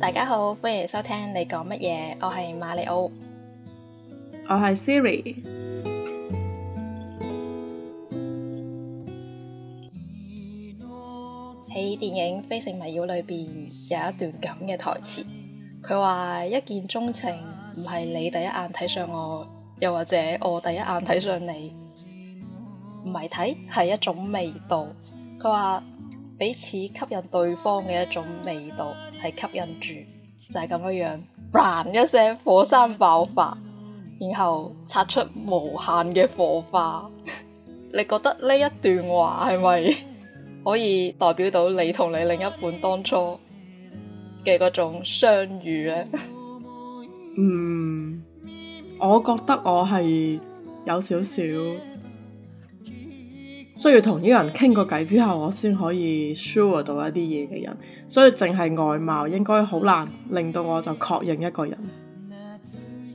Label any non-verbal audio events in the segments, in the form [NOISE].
大家好，歡迎收聽你講乜嘢？我係馬里奧，我係 Siri。喺電影《非誠勿擾》裏邊有一段咁嘅台詞，佢話一見鍾情唔係你第一眼睇上我，又或者我第一眼睇上你，唔係睇，係一種味道。佢話。彼此吸引對方嘅一種味道，係吸引住，就係咁樣樣，砰一聲火山爆發，然後擦出無限嘅火花。 [LAUGHS] 你覺得呢一段話係咪可以代表到你同你另一半當初嘅嗰種相遇呢？ [LAUGHS] 嗯，我覺得我係有少少。需要同呢個人傾個偈之後，我先可以 sure 到一啲嘢嘅人，所以淨係外貌應該好難令到我就確認一個人。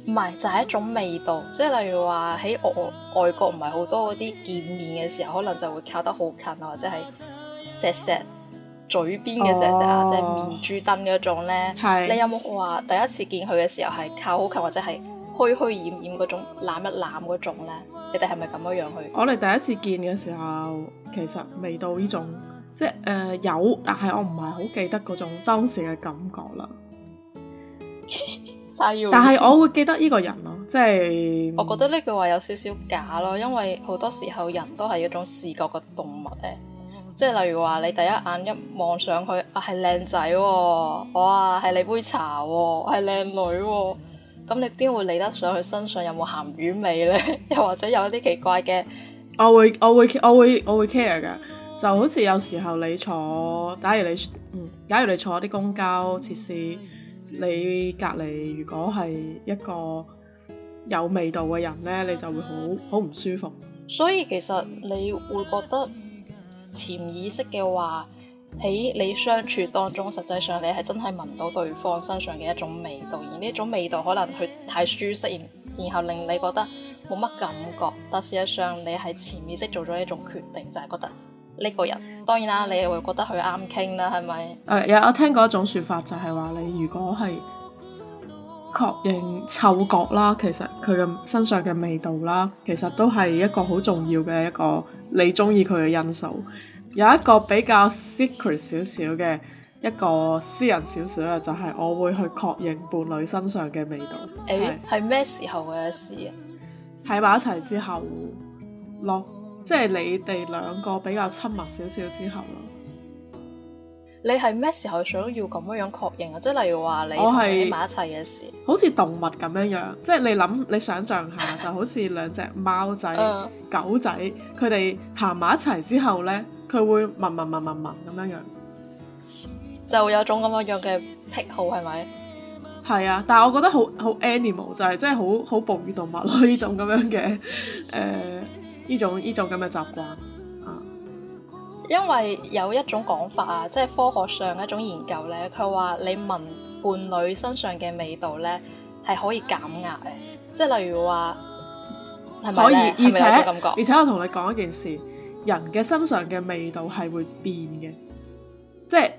唔係就係、是、一種味道，即係例如話喺外外國唔係好多嗰啲見面嘅時候，可能就會靠得好近啊，或者係錫錫嘴邊嘅錫錫啊，Oh. 即係面珠燈嗰種咧。是你有冇話第一次見佢嘅時候係靠好近或者係？虛虛掩掩嗰種，攬一攬嗰種咧，你哋係咪咁樣樣去？我哋第一次見嘅時候，其實未到呢種，即係誒、呃、有，但係我唔係好記得嗰種當時嘅感覺啦。 [LAUGHS] 子但係我會記得呢個人咯，即係我覺得呢句話有少少假咯，因為好多時候人都係一種視覺嘅動物咧，即係例如話你第一眼一望上去，啊係靚仔、哦，哇係你杯茶、哦，係靚女、哦。 [LAUGHS] 咁你邊會理得上佢身上有冇鹹魚味呢？ [LAUGHS] 又或者有啲奇怪嘅？我會我會我會我會 care 㗎，就好似有時候你坐，假如你嗯，假如你坐啲公交設施，你隔籬如果係一個有味道嘅人呢，你就會好好唔舒服。所以其實你會覺得潛意識嘅話。喺你相處當中，實際上你係真係聞到對方身上嘅一種味道，而呢種味道可能佢太舒適，然然後令你覺得冇乜感覺，但事實上你係潛意識做咗一種決定，就係覺得呢個人，當然啦，你又會覺得佢啱傾啦，係咪？誒，有我聽過一種説法，就係話你如果係確認嗅覺啦，其實佢嘅身上嘅味道啦，其實都係一個好重要嘅一個你中意佢嘅因素。有一個比較 secret 少少嘅一個私人少少嘅，就係、是、我會去確認伴侶身上嘅味道。誒、欸，係咩是時候嘅事啊？喺埋一齊之後咯，即係你哋兩個比較親密少少之後咯。你係咩時候想要咁樣樣確認啊？即係例如話你同佢喺埋一齊嘅事，好似動物咁樣樣，即係你諗你想象下， [LAUGHS] 就好似兩隻貓仔、 [LAUGHS] 狗仔，佢哋行埋一齊之後咧。佢會聞聞聞聞聞咁樣樣，就有種咁樣樣嘅癖好係咪？係啊，但係我覺得好好 animal 就係即係好好哺乳動物咯，呢種咁樣嘅誒，呢種呢種咁嘅習慣啊。因為有一種講法啊，即係科學上一種研究咧，佢話你聞伴侶身上嘅味道咧係可以減壓嘅，即係例如話可以，而且係咪感覺，而且我同你講一件事。人嘅身上嘅味道係會變嘅，即係、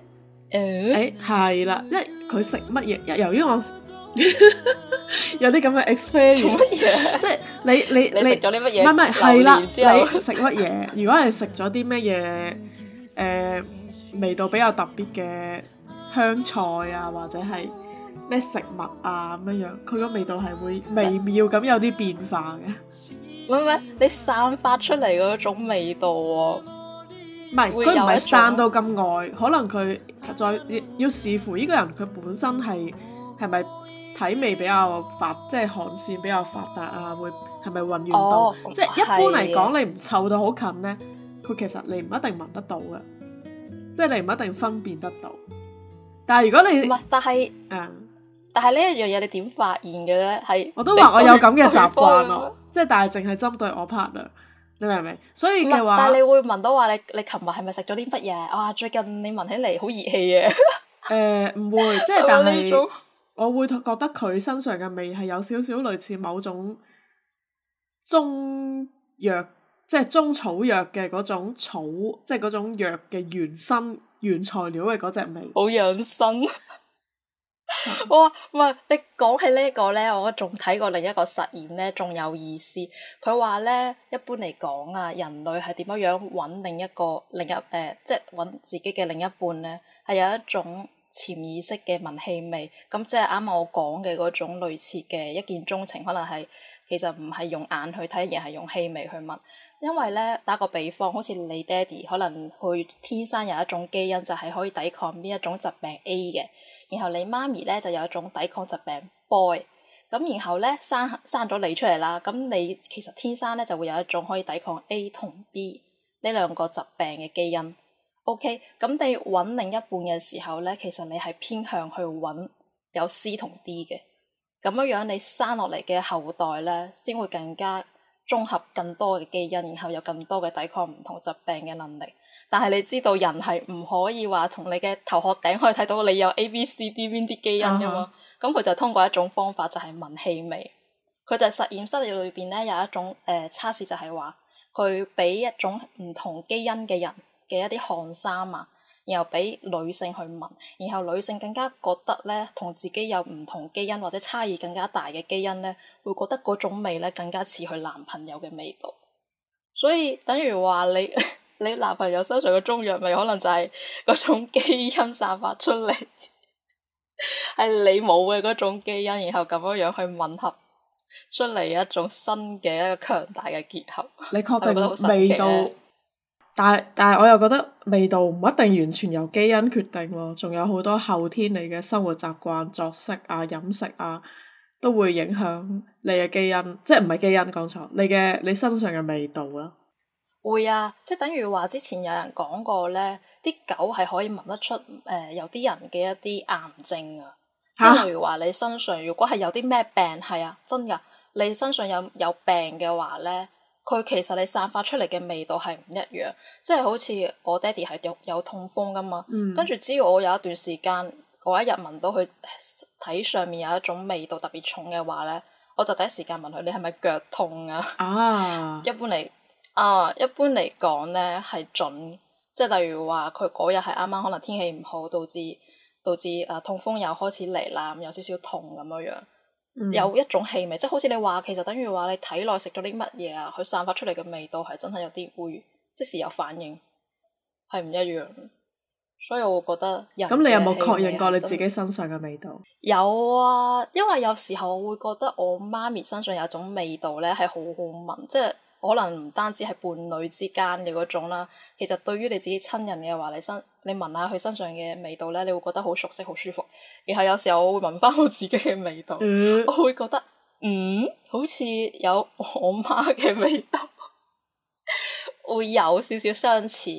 呃、誒係啦，因為佢食乜嘢，由於我 [LAUGHS] [LAUGHS] 有啲咁嘅 experience，即係你你你食咗啲乜嘢，唔係係啦，你食乜嘢，如果係食咗啲乜嘢誒味道比較特別嘅香菜啊，或者係咩食物啊咁樣樣，佢個味道係會微妙咁有啲變化嘅。唔係你散發出嚟嗰種味道，唔係佢唔係散到咁外，可能佢再要，要視乎呢個人佢本身係係咪體味比較發，即係汗腺比較發達啊？會係咪混亂到？即係一般嚟講，你唔湊到好近咧，佢其實你唔一定聞得到嘅，即係你唔一定分辨得到。但係如果你但係嗯。但係呢一樣嘢你點發現嘅咧？係我都話我有咁嘅習慣咯，即係但係淨係針對我 partner，你明唔明？所以嘅話，但係你會聞到話你你琴日係咪食咗啲乜嘢？哇、哦，最近你聞起嚟好熱氣嘅。誒、 [LAUGHS] 呃，唔會，即、就、係、是、 [LAUGHS] 但係我會覺得佢身上嘅味係有少少類似某種中藥，即、就、係、是、中草藥嘅嗰種草，即係嗰種藥嘅原生原材料嘅嗰隻味，好養生。 [LAUGHS] 哇，唔係你講起個呢個咧，我仲睇過另一個實驗咧，仲有意思。佢話咧，一般嚟講啊，人類係點樣樣揾另一個、另一誒、呃，即係揾自己嘅另一半咧，係有一種潛意識嘅聞氣味。咁即係啱啱我講嘅嗰種類似嘅一見鍾情，可能係其實唔係用眼去睇，而係用氣味去聞。因為咧，打個比方，好似你爹哋可能佢天生有一種基因，就係、是、可以抵抗呢一種疾病 A 嘅。然後你媽咪咧就有一種抵抗疾病 boy，咁然後咧生生咗你出嚟啦，咁你其實天生咧就會有一種可以抵抗 A 同 B 呢兩個疾病嘅基因。OK，咁你揾另一半嘅時候咧，其實你係偏向去揾有 C 同 D 嘅，咁樣樣你生落嚟嘅後代咧，先會更加綜合更多嘅基因，然後有更多嘅抵抗唔同疾病嘅能力。但係你知道人係唔可以話同你嘅頭殼頂可以睇到你有 A、B、C、D 邊啲基因噶嘛？咁佢、uh huh. 就通過一種方法就係聞氣味。佢就實驗室裏邊咧有一種誒測試就係話，佢俾一種唔同基因嘅人嘅一啲汗衫啊，然後俾女性去聞，然後女性更加覺得咧同自己有唔同基因或者差異更加大嘅基因咧，會覺得嗰種味咧更加似佢男朋友嘅味道。所以等於話你。 [LAUGHS] 你男朋友身上嘅中藥味可能就係嗰種基因散發出嚟，係 [LAUGHS] 你冇嘅嗰種基因，然後咁樣樣去吻合出嚟一種新嘅一個強大嘅結合。你確定味道？但係但係我又覺得味道唔一定完全由基因決定喎，仲有好多後天你嘅生活習慣、作息啊、飲食啊，都會影響你嘅基因，即係唔係基因講錯，你嘅你身上嘅味道啦。會啊，即係等於話之前有人講過咧，啲狗係可以聞得出誒、呃，有啲人嘅一啲癌症啊。即係、啊、例如話你身上如果係有啲咩病，係啊，真噶，你身上有有病嘅話咧，佢其實你散發出嚟嘅味道係唔一樣，即係好似我爹哋係有有痛風噶嘛，嗯、跟住，只要我有一段時間嗰一日聞到佢體上面有一種味道特別重嘅話咧，我就第一時間問佢，你係咪腳痛啊？啊， [LAUGHS] 一般嚟。啊，uh, 一般嚟講咧係準，即係例如話佢嗰日係啱啱可能天氣唔好，導致導致誒、呃、痛風又開始嚟啦，有少少痛咁樣，嗯、有一種氣味，即係好似你話，其實等於話你體內食咗啲乜嘢啊，佢散發出嚟嘅味道係真係有啲會即時有反應，係唔一樣。所以我覺得人咁你有冇確認過你自己身上嘅味道？嗯、有啊，因為有時候我會覺得我媽咪身上有一種味道咧，係好好聞，即係。可能唔單止係伴侶之間嘅嗰種啦，其實對於你自己親人嘅話，你身你聞下佢身上嘅味道咧，你會覺得好熟悉、好舒服。然後有時候我會聞翻我自己嘅味道，嗯、我會覺得嗯，好似有我媽嘅味道， [LAUGHS] 會有少少相似。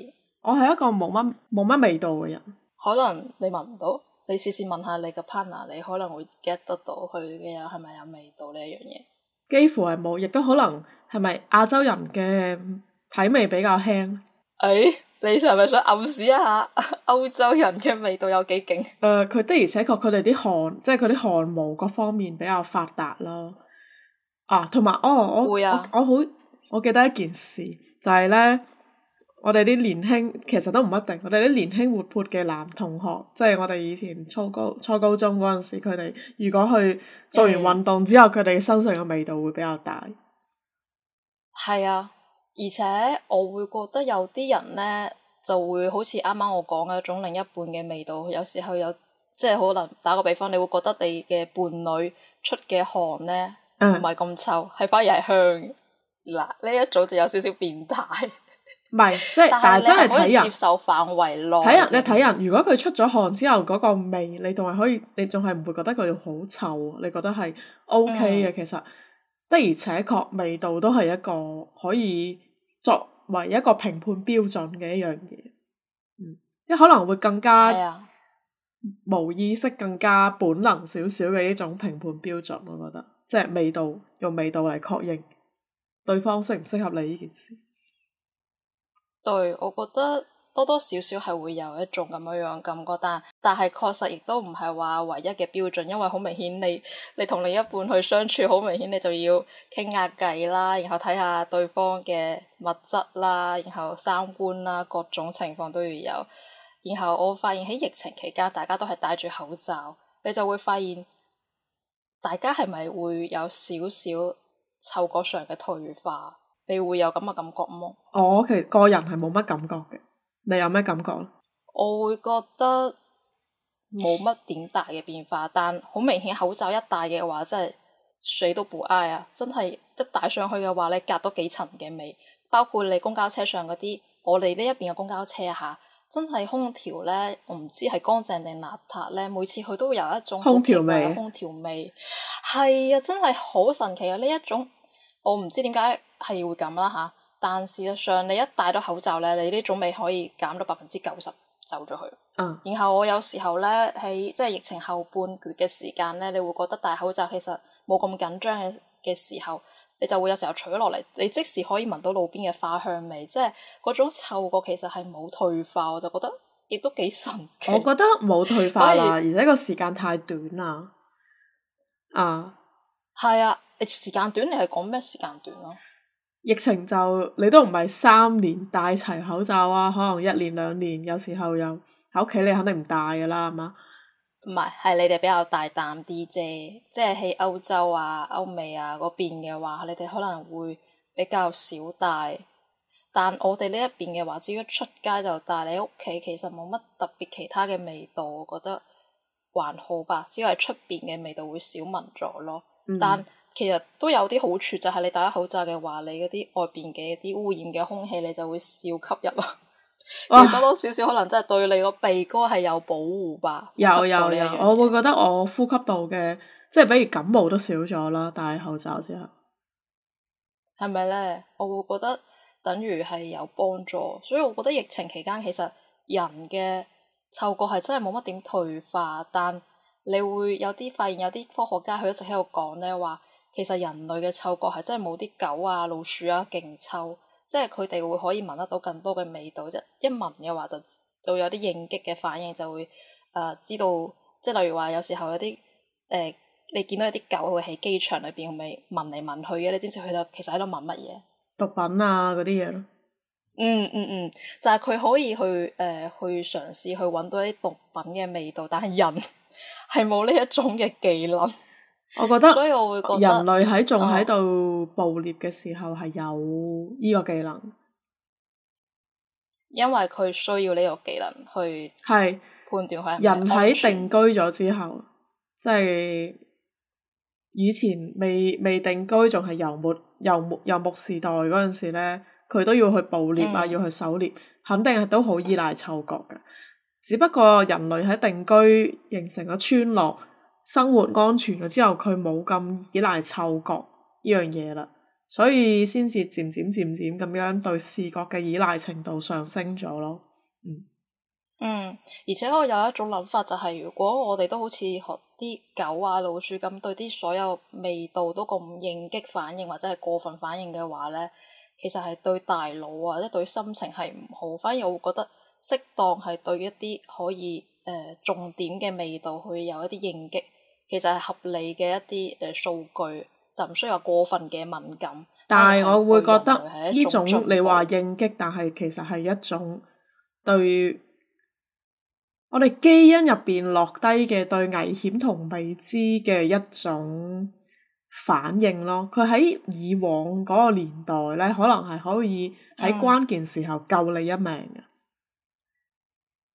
我係一個冇乜冇乜味道嘅人。可能你聞唔到，你試試問下你嘅 partner，你可能會 get 得到佢嘅有係咪有味道呢一樣嘢。幾乎係冇，亦都可能係咪亞洲人嘅體味比較輕？誒，你係咪想暗示一下歐洲人嘅味道有幾勁？誒，佢的而且確佢哋啲汗，即係佢啲汗毛各方面比較發達咯。啊，同埋，哦，我會啊，我好，我記得一件事，就係咧。我哋啲年輕其實都唔一定，我哋啲年輕活潑嘅男同學，即係我哋以前初高初高中嗰陣時，佢哋如果去做完運動之後，佢哋、嗯、身上嘅味道會比較大。係啊，而且我會覺得有啲人呢，就會好似啱啱我講嘅一種另一半嘅味道，有時候有，即係可能打個比方，你會覺得你嘅伴侶出嘅汗呢，唔係咁臭，係反而係香。嗱，呢一組就有少少變態。唔係，即係，但係真係睇人。接受範圍內睇人，你睇人，如果佢出咗汗之後嗰、那個味，你仲係可以，你仲係唔會覺得佢好臭？你覺得係 O K 嘅，嗯、其實的而且確味道都係一個可以作為一個評判標準嘅一樣嘢。嗯，因可能會更加、嗯、無意識、更加本能少少嘅一點點種評判標準。我覺得，即係味道，用味道嚟確認對方適唔適合你呢件事。對，我覺得多多少少係會有一種咁樣樣感覺，但但係確實亦都唔係話唯一嘅標準，因為好明顯你你同另一半去相處，好明顯你就要傾下偈啦，然後睇下對方嘅物質啦，然後三觀啦，各種情況都要有。然後我發現喺疫情期間，大家都係戴住口罩，你就會發現大家係咪會有少少嗅覺上嘅退化？你會有咁嘅感覺麼？我其實個人係冇乜感覺嘅。你有咩感覺咧？我會覺得冇乜點大嘅變化， [LAUGHS] 但好明顯口罩一戴嘅話，真係水都唔挨啊！真係一戴上去嘅話咧，你隔多幾層嘅味。包括你公交車上嗰啲，我哋呢一邊嘅公交車嚇，真係空調咧，我唔知係乾淨定邋遢咧。每次佢都會有一種空調味，空調味係啊，真係好神奇啊！呢一種我唔知點解。係會咁啦吓，但事實上你一戴到口罩咧，你呢種味可以減到百分之九十走咗去。嗯。然後我有時候咧，喺即係疫情後半段嘅時間咧，你會覺得戴口罩其實冇咁緊張嘅嘅時候，你就會有時候取咗落嚟，你即時可以聞到路邊嘅花香味，即係嗰種嗅覺其實係冇退化，我就覺得亦都幾神奇。我覺得冇退化啦， [LAUGHS] 而且個時間太短啦。是啊。係啊，你時間短，你係講咩時間短啊？疫情就你都唔係三年戴齊口罩啊，可能一年兩年，有時候又喺屋企你肯定唔戴㗎啦，係嘛？唔係係你哋比較大膽啲啫，即係喺歐洲啊、歐美啊嗰邊嘅話，你哋可能會比較少戴。但我哋呢一邊嘅話，只要一出街就戴，你屋企其實冇乜特別其他嘅味道，我覺得還好吧。只係出邊嘅味道會少聞咗咯，但，嗯其實都有啲好處，就係、是、你戴咗口罩嘅話，你嗰啲外邊嘅啲污染嘅空氣，你就會少吸入，哇 [LAUGHS] 多多少少可能真係對你個鼻哥係有保護吧。有有有，我會覺得我呼吸道嘅，即係比如感冒都少咗啦，戴口罩之後，係咪咧？我會覺得等於係有幫助，所以我覺得疫情期間其實人嘅嗅覺係真係冇乜點退化，但你會有啲發現，有啲科學家佢一直喺度講咧話。其實人類嘅嗅覺係真係冇啲狗啊、老鼠啊勁臭，即係佢哋會可以聞得到更多嘅味道。一聞嘅話就，就就有啲應激嘅反應，就會誒、呃、知道，即係例如話有時候有啲誒、呃、你見到有啲狗會喺機場裏邊咪聞嚟聞去嘅，你知唔知佢哋其實喺度聞乜嘢？毒品啊嗰啲嘢咯。嗯嗯嗯，就係、是、佢可以去誒、呃、去嘗試去揾到啲毒品嘅味道，但係人係冇呢一種嘅技能。我覺得，我覺得，人類喺仲喺度捕獵嘅時候係有呢個技能，因為佢需要呢個技能去判斷人喺定居咗之後，嗯、即係以前未未定居，仲係游牧、游牧、游牧時代嗰陣時咧，佢都要去捕獵啊，嗯、要去狩獵，肯定係都好依賴嗅覺嘅。只不過人類喺定居形成咗村落，生活安全咗之後，佢冇咁依賴嗅覺呢樣嘢啦，所以先至漸漸漸漸咁樣對視覺嘅依賴程度上升咗咯。嗯，嗯，而且我有一種諗法就係、是，如果我哋都好似學啲狗啊、老鼠咁對啲所有味道都咁應激反應或者係過分反應嘅話咧，其實係對大腦啊，或者對心情係唔好。反而我會覺得適當係對一啲可以誒、呃、重點嘅味道去有一啲應激。其實係合理嘅一啲誒數據，就唔需要過分嘅敏感。但係我會覺得呢 [NOISE] 種 [NOISE] 你話應激，但係其實係一種對我哋基因入邊落低嘅對危險同未知嘅一種反應咯。佢喺以往嗰個年代咧，可能係可以喺關鍵時候救你一命嘅。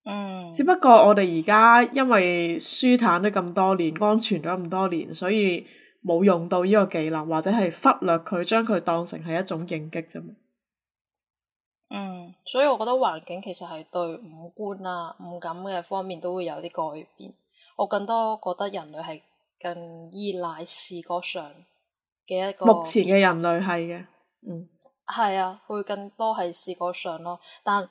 嗯，只不過我哋而家因為舒坦咗咁多年，安全咗咁多年，所以冇用到呢個技能，或者係忽略佢，將佢當成係一種應激啫嘛。嗯，所以我覺得環境其實係對五官啊、五感嘅方面都會有啲改變。我更多覺得人類係更依賴視覺上嘅一個。目前嘅人類係嘅，嗯，係啊，會更多係視覺上咯。但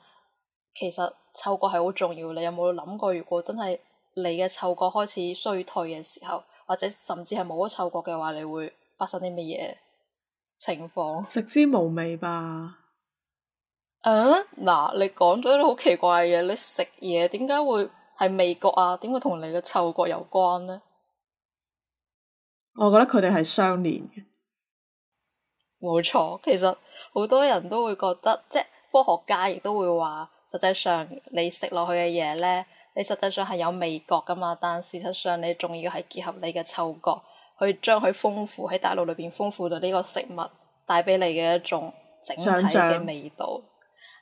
其實。嗅覺係好重要，你有冇諗過？如果真係你嘅嗅覺開始衰退嘅時候，或者甚至係冇咗嗅覺嘅話，你會發生啲乜嘢情況？食之無味吧。嗯，嗱，你講咗啲好奇怪嘅嘢，你食嘢點解會係味覺啊？點會同你嘅嗅覺有關呢？我覺得佢哋係相連嘅。冇錯，其實好多人都會覺得，即係科學家亦都會話。實際上你食落去嘅嘢咧，你實際上係有味覺噶嘛，但事實上你仲要係結合你嘅嗅覺，去將佢豐富喺大腦裏邊豐富咗呢個食物帶畀你嘅一種整體嘅味道。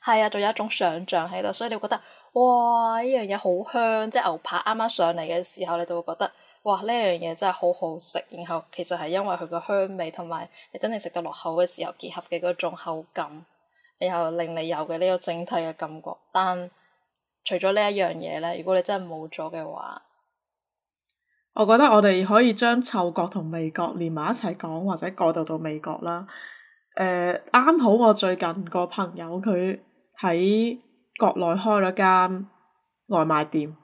係像啊，仲有一種想像喺度，所以你會覺得哇，呢樣嘢好香，即係牛扒啱啱上嚟嘅時候，你都會覺得哇，呢樣嘢真係好好食，然後其實係因為佢個香味同埋你真正食到落口嘅時候結合嘅嗰種口感。然後令你有嘅呢個整體嘅感覺，但除咗呢一樣嘢咧，如果你真係冇咗嘅話，我覺得我哋可以將嗅覺同味覺連埋一齊講，或者過渡到味覺啦。誒，啱好我最近個朋友佢喺國內開咗間外賣店。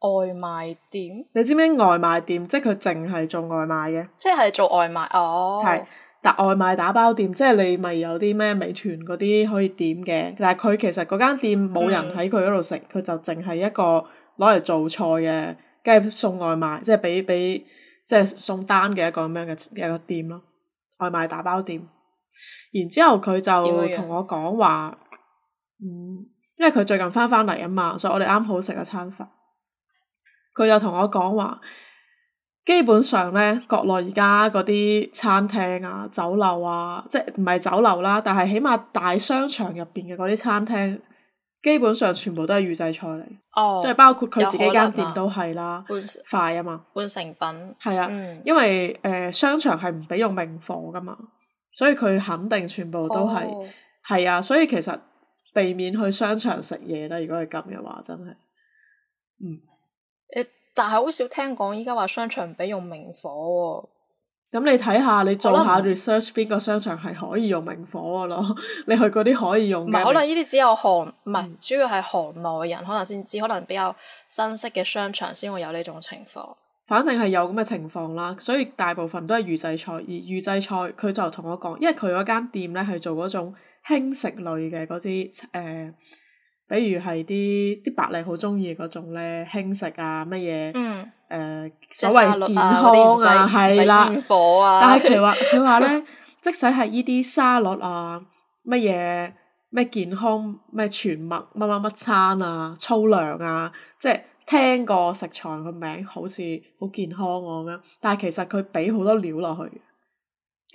外賣店？你知唔知外賣店？即係佢淨係做外賣嘅。即係做外賣，哦。係。但外賣打包店，即係你咪有啲咩美團嗰啲可以點嘅，但係佢其實嗰間店冇人喺佢嗰度食，佢、嗯、就淨係一個攞嚟做菜嘅，跟、就、住、是、送外賣，即係俾俾即係送單嘅一個咁樣嘅一個店咯。外賣打包店。然之後佢就同我講話，嗯，因為佢最近翻返嚟啊嘛，所以我哋啱好食一餐飯。佢就同我講話。基本上咧，國內而家嗰啲餐廳啊、酒樓啊，即係唔係酒樓啦，但係起碼大商場入邊嘅嗰啲餐廳，基本上全部都係預製菜嚟，即係、oh, 包括佢自己間、啊、店都係啦，半本快啊嘛，半成品，係啊，嗯、因為誒、呃、商場係唔俾用明火噶嘛，所以佢肯定全部都係，係、oh. 啊，所以其實避免去商場食嘢啦，如果係噉嘅話真係，嗯，但係好少聽講，依家話商場唔俾用明火喎。咁你睇下，你做下 research 邊個商場係可以用明火嘅、哦、咯、嗯？你去嗰啲可以用明火、哦。唔 [LAUGHS] 係，可能呢啲只有行，唔係、嗯、主要係行內人可能先知，可能比較新式嘅商場先會有呢種情況。反正係有咁嘅情況啦，所以大部分都係預製菜，而預製菜佢就同我講，因為佢嗰間店咧係做嗰種輕食類嘅嗰啲誒。比如係啲啲白領好中意嗰種咧，輕食啊，乜嘢？嗯。誒、呃，啊、所謂健康啊，係啦。的火啊！ [LAUGHS] 但係佢話佢話咧，即使係呢啲沙律啊，乜嘢咩健康咩全麥乜乜乜餐啊粗糧啊，即係、啊就是、聽過食材個名，好似好健康咁、啊、樣，但係其實佢俾好多料落去，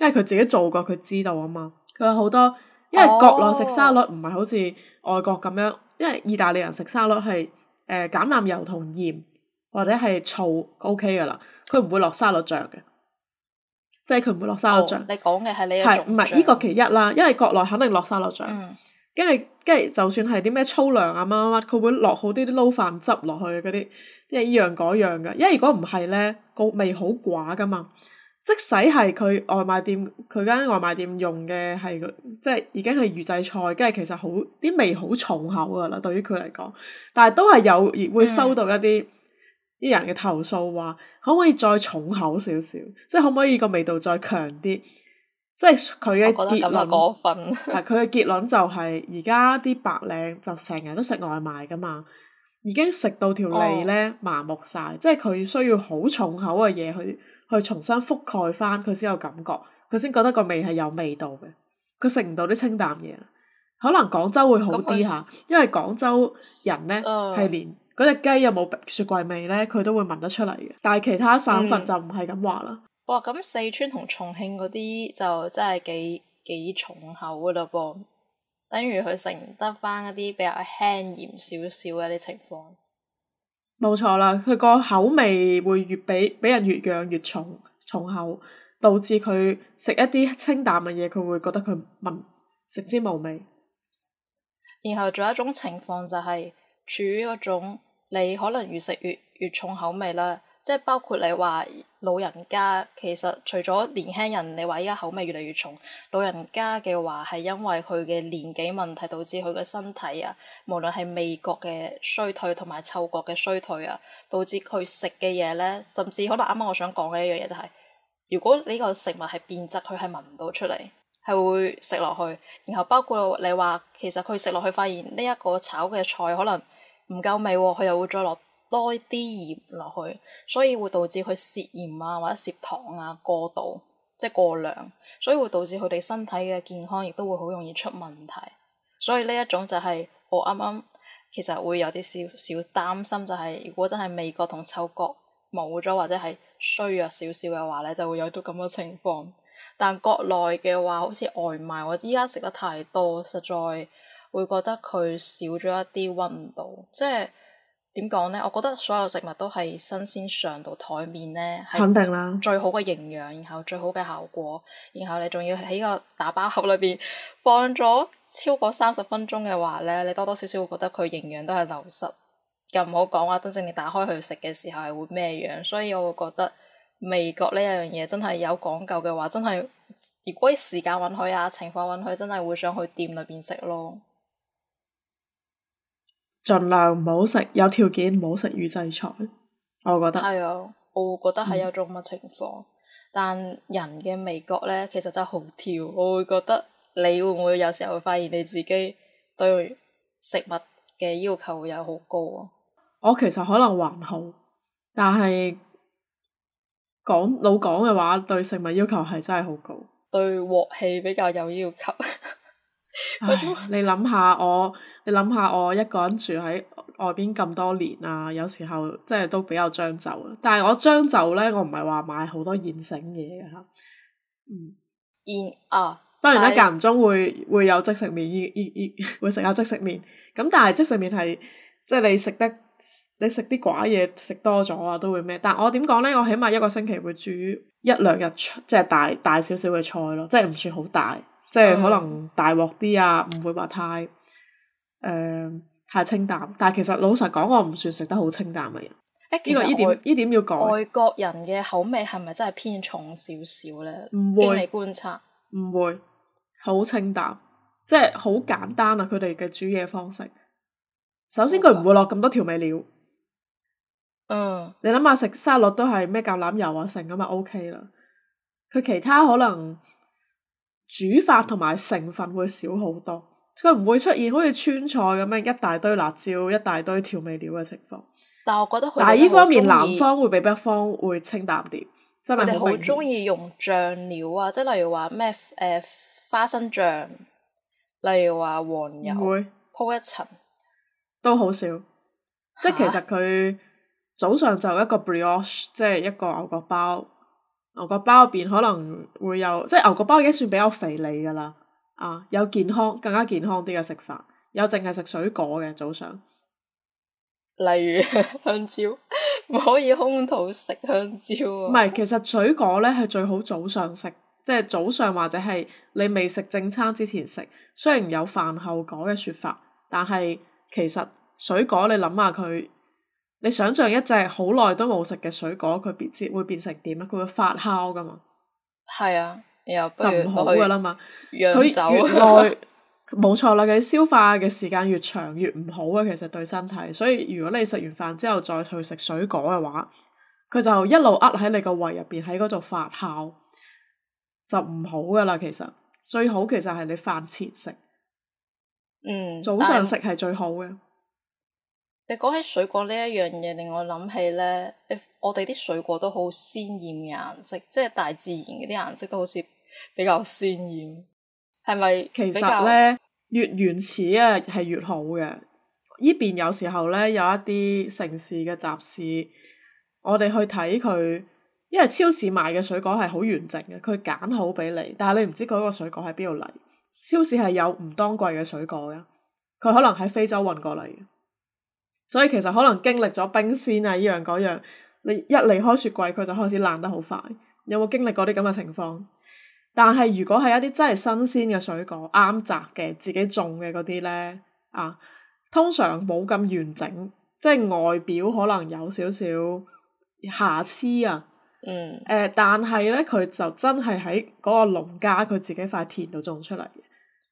因為佢自己做過，佢知道啊嘛。佢有好多。因為國內食沙律唔係好似外國咁樣，因為意大利人食沙律係誒橄欖油同鹽或者係醋 O K 嘅啦，佢、OK、唔會落沙律醬嘅，即係佢唔會落沙律醬。哦、你講嘅係你係唔係呢個其一啦？因為國內肯定落沙律醬，跟住跟住就算係啲咩粗糧啊乜乜乜，佢會落好啲啲撈飯汁落去嗰啲，即係呢樣嗰樣嘅。因為如果唔係咧，個味好寡㗎嘛。即使係佢外賣店，佢間外賣店用嘅係即係已經係預製菜，跟住其實好啲味好重口噶啦。對於佢嚟講，但係都係有會收到一啲啲、嗯、人嘅投訴，話可唔可以再重口少少？即係可唔可以個味道再強啲？即係佢嘅結論係佢嘅結論就係而家啲白領就成日都食外賣噶嘛，已經食到條脷咧麻木晒。哦。即係佢需要好重口嘅嘢去。去重新覆蓋翻佢先有感覺，佢先覺得個味係有味道嘅。佢食唔到啲清淡嘢，可能廣州會好啲嚇，嗯、因為廣州人咧係、嗯、連嗰隻雞有冇雪櫃味咧，佢都會聞得出嚟嘅。但係其他省份就唔係咁話啦。哇！咁四川同重慶嗰啲就真係幾幾重口噶嘞噃，等於佢食唔得翻嗰啲比較輕鹽少少嘅啲情況。冇錯啦，佢個口味會越俾俾人越養越重重口，導致佢食一啲清淡嘅嘢，佢會覺得佢聞食之無味。然後仲有一種情況就係、是、處於嗰種你可能越食越越重口味啦。即係包括你話老人家，其實除咗年輕人，你話依家口味越嚟越重。老人家嘅話係因為佢嘅年紀問題導致佢嘅身體啊，無論係味覺嘅衰退同埋嗅覺嘅衰退啊，導致佢食嘅嘢咧，甚至可能啱啱我想講嘅一樣嘢就係，如果呢個食物係變質，佢係聞唔到出嚟，係會食落去。然後包括你話其實佢食落去發現呢一個炒嘅菜可能唔夠味，佢又會再落。多啲鹽落去，所以會導致佢攝鹽啊或者攝糖啊過度，即係過量，所以會導致佢哋身體嘅健康亦都會好容易出問題。所以呢一種就係、是、我啱啱其實會有啲少少擔心、就是，就係如果真係味覺同嗅覺冇咗或者係衰弱少少嘅話咧，就會有到咁嘅情況。但國內嘅話，好似外賣我依家食得太多，實在會覺得佢少咗一啲溫度，即係。點講呢？我覺得所有食物都係新鮮上到台面呢，係肯定啦，最好嘅營養，然後最好嘅效果。然後你仲要喺個打包盒裏邊放咗超過三十分鐘嘅話呢，你多多少少會覺得佢營養都係流失，又唔好講話，等陣你打開去食嘅時候係會咩樣。所以我會覺得味覺呢樣嘢真係有講究嘅話，真係如果時間允許啊，情況允許啊，真係會想去店裏邊食咯。盡量唔好食，有條件唔好食預製菜。我覺得係啊，我會覺得係有種乜情況，嗯、但人嘅味覺咧，其實真係好挑。我會覺得你會唔會有時候會發現你自己對食物嘅要求會有好高啊？我其實可能還好，但係講老講嘅話，對食物要求係真係好高，對鑊氣比較有要求。 [LAUGHS] 唉，你諗下我，你諗下我一個人住喺外邊咁多年啊，有時候即係都比較將就。但係我將就呢，我唔係話買好多現成嘢嘅吓。嗯，啊、嗯，哦、當然咧，間唔中會會有即食麵，依會食下即食麵。咁但係即食麵係即係你食得你食啲寡嘢食多咗啊，都會咩。但我點講呢？我起碼一個星期會煮一兩日即係大大少少嘅菜咯，即係唔算好大。大大即係可能大鑊啲啊，唔會話太誒、呃、太清淡。但係其實老實講，我唔算食得好清淡嘅人。呢誒這個呢點呢點要講。外國人嘅口味係咪真係偏重少少咧？唔會你觀察，唔會好清淡，即係好簡單啊！佢哋嘅煮嘢方式，首先佢唔 Okay. 會落咁多調味料。嗯。你諗下食沙律都係咩橄欖油啊成咁啊 OK 啦。佢其他可能。煮法同埋成分會少好多，佢唔會出現好似川菜咁樣一大堆辣椒、一大堆調味料嘅情況。但係我覺得佢。但係呢方面，南方會比北方會清淡啲，真係你好中意用醬料啊，即係例如話咩誒花生醬，例如話黃油，會鋪一層都好少。啊、即係其實佢早上就一個 brioche，即係一個牛角包。牛角包入邊可能會有，即係牛角包已經算比較肥膩噶啦。啊，有健康更加健康啲嘅食法，有淨係食水果嘅早上，例如香蕉，唔 [LAUGHS] 可以空肚食香蕉。啊。唔係，其實水果咧係最好早上食，即係早上或者係你未食正餐之前食。雖然有飯後果嘅說法，但係其實水果你諗下佢。你想象一隻好耐都冇食嘅水果，佢變會變成點啊？佢會發酵噶嘛？係啊，又就唔好噶啦嘛。佢越耐冇錯啦，佢消化嘅時間越長越唔好啊。其實對身體，所以如果你食完飯之後再去食水果嘅話，佢就一路呃喺你個胃入邊喺嗰度發酵，就唔好噶啦。其實最好其實係你飯前食，嗯，早上食係最好嘅。你講起水果呢一樣嘢，令我諗起咧。我哋啲水果都好鮮豔嘅顏色，即係大自然嗰啲顏色都好似比較鮮豔，係咪？其實咧，越原始啊，係越好嘅。依邊有時候咧，有一啲城市嘅集市，我哋去睇佢，因為超市賣嘅水果係好完整嘅，佢揀好俾你，但係你唔知佢嗰個水果喺邊度嚟。超市係有唔當季嘅水果嘅，佢可能喺非洲運過嚟。所以其實可能經歷咗冰鮮啊，呢樣嗰樣，你一離開雪櫃，佢就開始爛得好快。有冇經歷過啲咁嘅情況？但係如果係一啲真係新鮮嘅水果，啱摘嘅、自己種嘅嗰啲呢，啊，通常冇咁完整，即係外表可能有少少瑕疵啊。嗯。呃，但係呢，佢就真係喺嗰個農家佢自己塊田度種出嚟，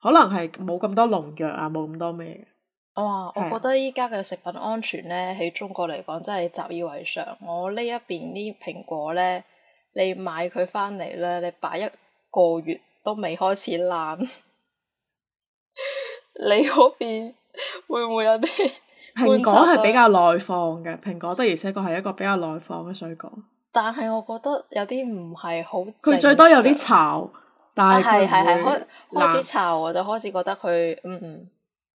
可能係冇咁多農藥啊，冇咁多咩嘅。哇！Oh, Yeah. 我覺得依家嘅食品安全咧，喺中國嚟講真係習以為常。我一邊呢一邊啲蘋果咧，你買佢返嚟咧，你擺一個月都未開始爛。 [LAUGHS] 你嗰邊會唔會有啲？蘋果係比較耐放嘅，蘋果的而且確係一個比較耐放嘅水果。但係我覺得有啲唔係好。佢最多有啲臭，但係佢、啊、會開始臭，我就開始覺得佢嗯嗯。嗯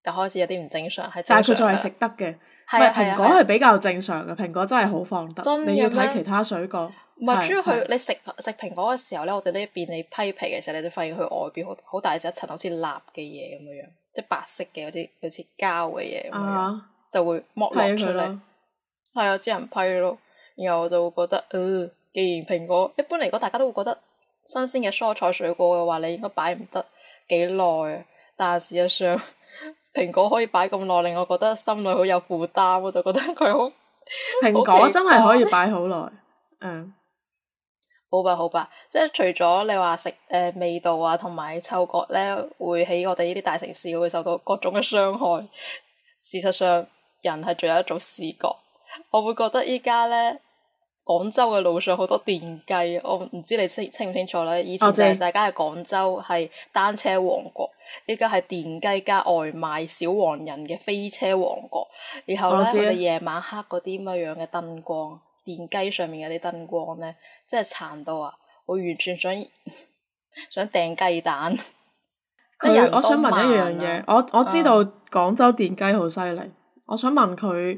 就開始有啲唔正常，係但佢仲係食得嘅，唔係、啊、蘋果係比較正常嘅。啊、蘋果真係好放得，真你要睇其他水果。唔係是、啊、主要佢，啊、你食食蘋果嘅時候咧，我哋呢邊你批皮嘅時候，你就發現佢外邊好好大隻一層好似蠟嘅嘢咁樣樣，即係白色嘅嗰啲好似膠嘅嘢咁樣，啊、就會剝落出嚟。係啊，啲人批咯，啊、咯 [LAUGHS] 然後我就會覺得，嗯、呃，既然蘋果一般嚟講，大家都會覺得新鮮嘅蔬菜水果嘅話，你應該擺唔得幾耐，但係事實上。蘋果可以擺咁耐，令我覺得心裏好有負擔，我就覺得佢好蘋果 [LAUGHS] 怪真係可以擺好耐。嗯。好吧好吧，即係除咗你話食誒、呃、味道啊，同埋嗅覺咧，會喺我哋呢啲大城市會受到各種嘅傷害。事實上，人係仲有一種視覺，我會覺得依家咧。廣州嘅路上好多電雞，我唔知你清清唔清楚咧。以前就係大家嘅廣州係單車王國，依家係電雞加外賣小黃人嘅飛車王國。然後咧，夜晚黑嗰啲乜樣嘅燈光，電雞上面嗰啲燈光咧，真係殘到啊！我完全想 [LAUGHS] 想掟雞蛋。 [LAUGHS] 他啊、我想問一樣嘢，我我知道廣、嗯、州電雞好犀利，我想問佢。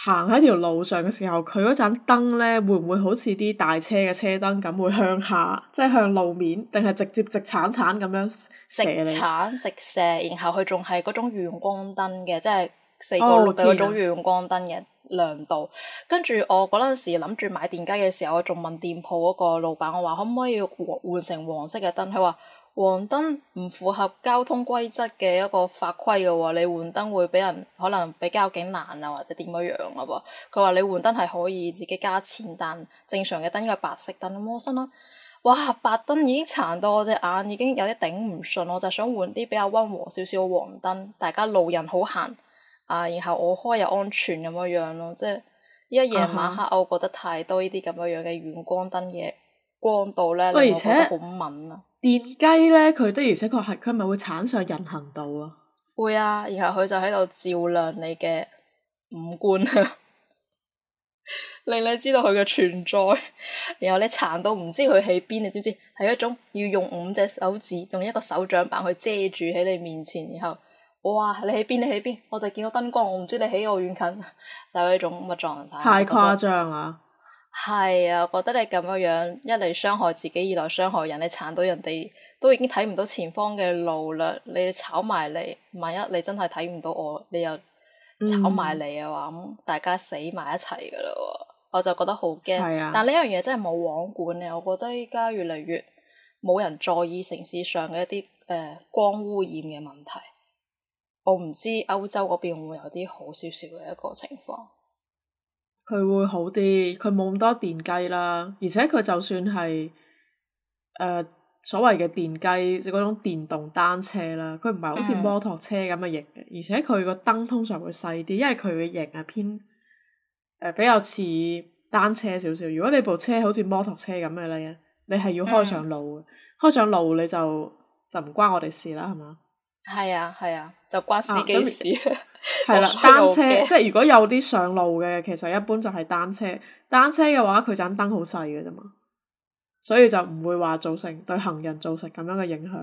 行喺條路上嘅時候，佢嗰盞燈咧，會唔會好似啲大車嘅車燈咁，會向下，即、就、係、是、向路面，定係直接直鏟鏟咁樣直鏟直射？然後佢仲係嗰種遠光燈嘅，即係四個六嘅嗰種遠光燈嘅亮度。跟住、oh, okay. 我嗰陣時諗住買電雞嘅時候，我仲問店鋪嗰個老闆，我話可唔可以換換成黃色嘅燈？佢話。黃燈唔符合交通規則嘅一個法規嘅喎，你換燈會畀人可能畀交警攔啊，或者點樣樣咯。佢話你換燈係可以自己加錢，但正常嘅燈應該白色燈咁樣身咯。哇，白燈已經殘到我隻眼已經有啲頂唔順，我就想換啲比較溫和少少嘅黃燈，大家路人好行啊，然後我開又安全咁樣樣咯。即係一夜晚黑，我覺得太多呢啲咁樣樣嘅遠光燈嘅。光度咧，而且令我覺得好敏啊！電雞咧，佢的而且確佢係佢咪會鏟上人行道啊？會啊，然後佢就喺度照亮你嘅五官啊， [LAUGHS] 令你知道佢嘅存在。然後你慘到唔知佢喺邊，你知唔知？係一種要用五隻手指用一個手掌板去遮住喺你面前，然後哇，你喺邊？你喺邊？我就見到燈光，我唔知你喺我遠近，就係呢種咁嘅狀態？太誇張啦！ [LAUGHS] 係啊，我覺得你咁嘅樣，一嚟傷害自己，二嚟傷害人，你鏟到人哋都已經睇唔到前方嘅路啦，你炒埋嚟，萬一你真係睇唔到我，你又炒埋嚟嘅話，咁、嗯、大家死埋一齊噶啦，我就覺得好驚。的但呢樣嘢真係冇王管呢，我覺得依家越嚟越冇人在意城市上嘅一啲誒、呃、光污染嘅問題。我唔知歐洲嗰邊會唔會有啲好少少嘅一個情況。佢會好啲，佢冇咁多電機啦，而且佢就算係誒、呃、所謂嘅電機，就嗰、是、種電動單車啦，佢唔係好似摩托車咁嘅型嘅，嗯、而且佢個燈通常會細啲，因為佢嘅型係偏誒、呃、比較似單車少少。如果你部車好似摩托車咁嘅咧，你係要開上路嘅，嗯、開上路你就就唔關我哋事啦，係嘛？係啊，係啊，就關司機事。啊 [LAUGHS] 係啦，單車即係如果有啲上路嘅，其實一般就係單車。單車嘅話，佢盞燈好細嘅啫嘛，所以就唔會話造成對行人造成咁樣嘅影響。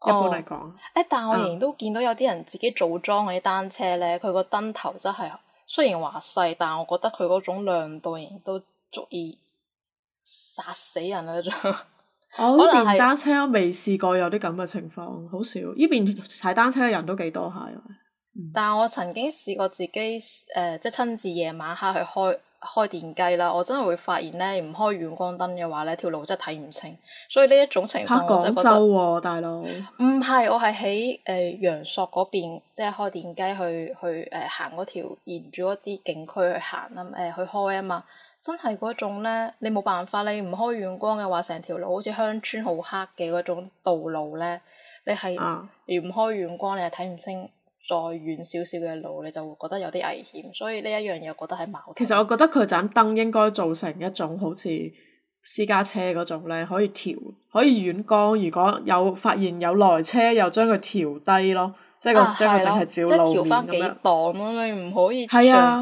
哦、一般嚟講，誒、欸，但我仍然都見到有啲人自己組裝嗰啲單車咧，佢個燈頭真係雖然話細，但係我覺得佢嗰種亮度仍然都足以殺死人嗰種。我呢邊單車未試過有啲咁嘅情況，好少。呢邊踩單車嘅人都幾多下。嗯、但係我曾經試過自己誒、呃，即係親自夜晚黑去開開電雞啦。我真係會發現咧，唔開遠光燈嘅話咧，條路真係睇唔清。所以呢一種情況，啊大佬，嗯、我就覺得唔係我係喺誒陽朔嗰邊，即係開電雞去去誒、呃、行嗰條沿住一啲景區去行啊誒、呃、去開啊嘛。真係嗰種咧，你冇辦法，你唔開遠光嘅話，成條路好似鄉村好黑嘅嗰種道路咧，你係你唔開遠光，你係睇唔清。啊再遠少少嘅路，你就會覺得有啲危險，所以呢一樣嘢我覺得係矛盾。其實我覺得佢盞燈應該做成一種好似私家車嗰種咧，可以調，可以遠光。如果有發現有來車，又將佢調低咯，即係個將個淨係照路面咁、啊、樣。調翻幾檔咯，你唔可以長期啊，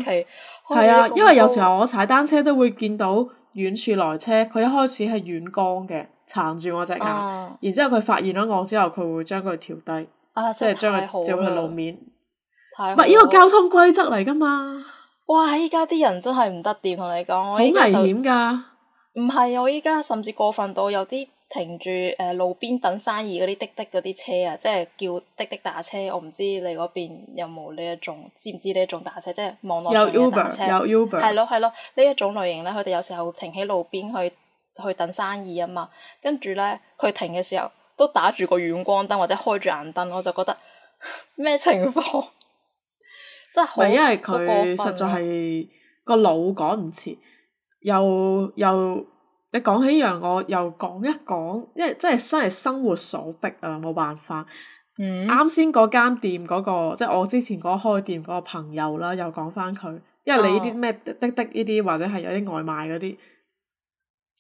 係啊，因為有時候我踩單車都會見到遠處來車，佢一開始係遠光嘅，撐住我隻眼。啊、然之後佢發現咗我之後，佢會將佢調低。啊！即係將佢將佢路面，唔係呢個交通規則嚟噶嘛？哇！而家啲人真係唔得掂，同你講，我依就好危險噶。唔係啊！我而家甚至過分到有啲停住誒路邊等生意嗰啲滴滴嗰啲車啊，即係叫滴滴打車。我唔知你嗰邊有冇呢一種，知唔知呢一種打車即係網絡車？有 Uber，有 Uber。係咯係咯，呢一種類型咧，佢哋有時候停喺路邊去去等生意啊嘛。跟住咧，佢停嘅時候，都打住個遠光燈或者開住眼燈，我就覺得咩情況， [LAUGHS] 真係好很。因為佢實在係個、啊、腦趕唔切，又又你講起一樣我又講一講，因為真係真係生活所迫啊，冇辦法。啱先嗰間店嗰、嗰個即係我之前嗰開店嗰個朋友啦，又講翻佢，因為你呢啲咩滴滴滴呢啲，或者係有啲外賣嗰啲。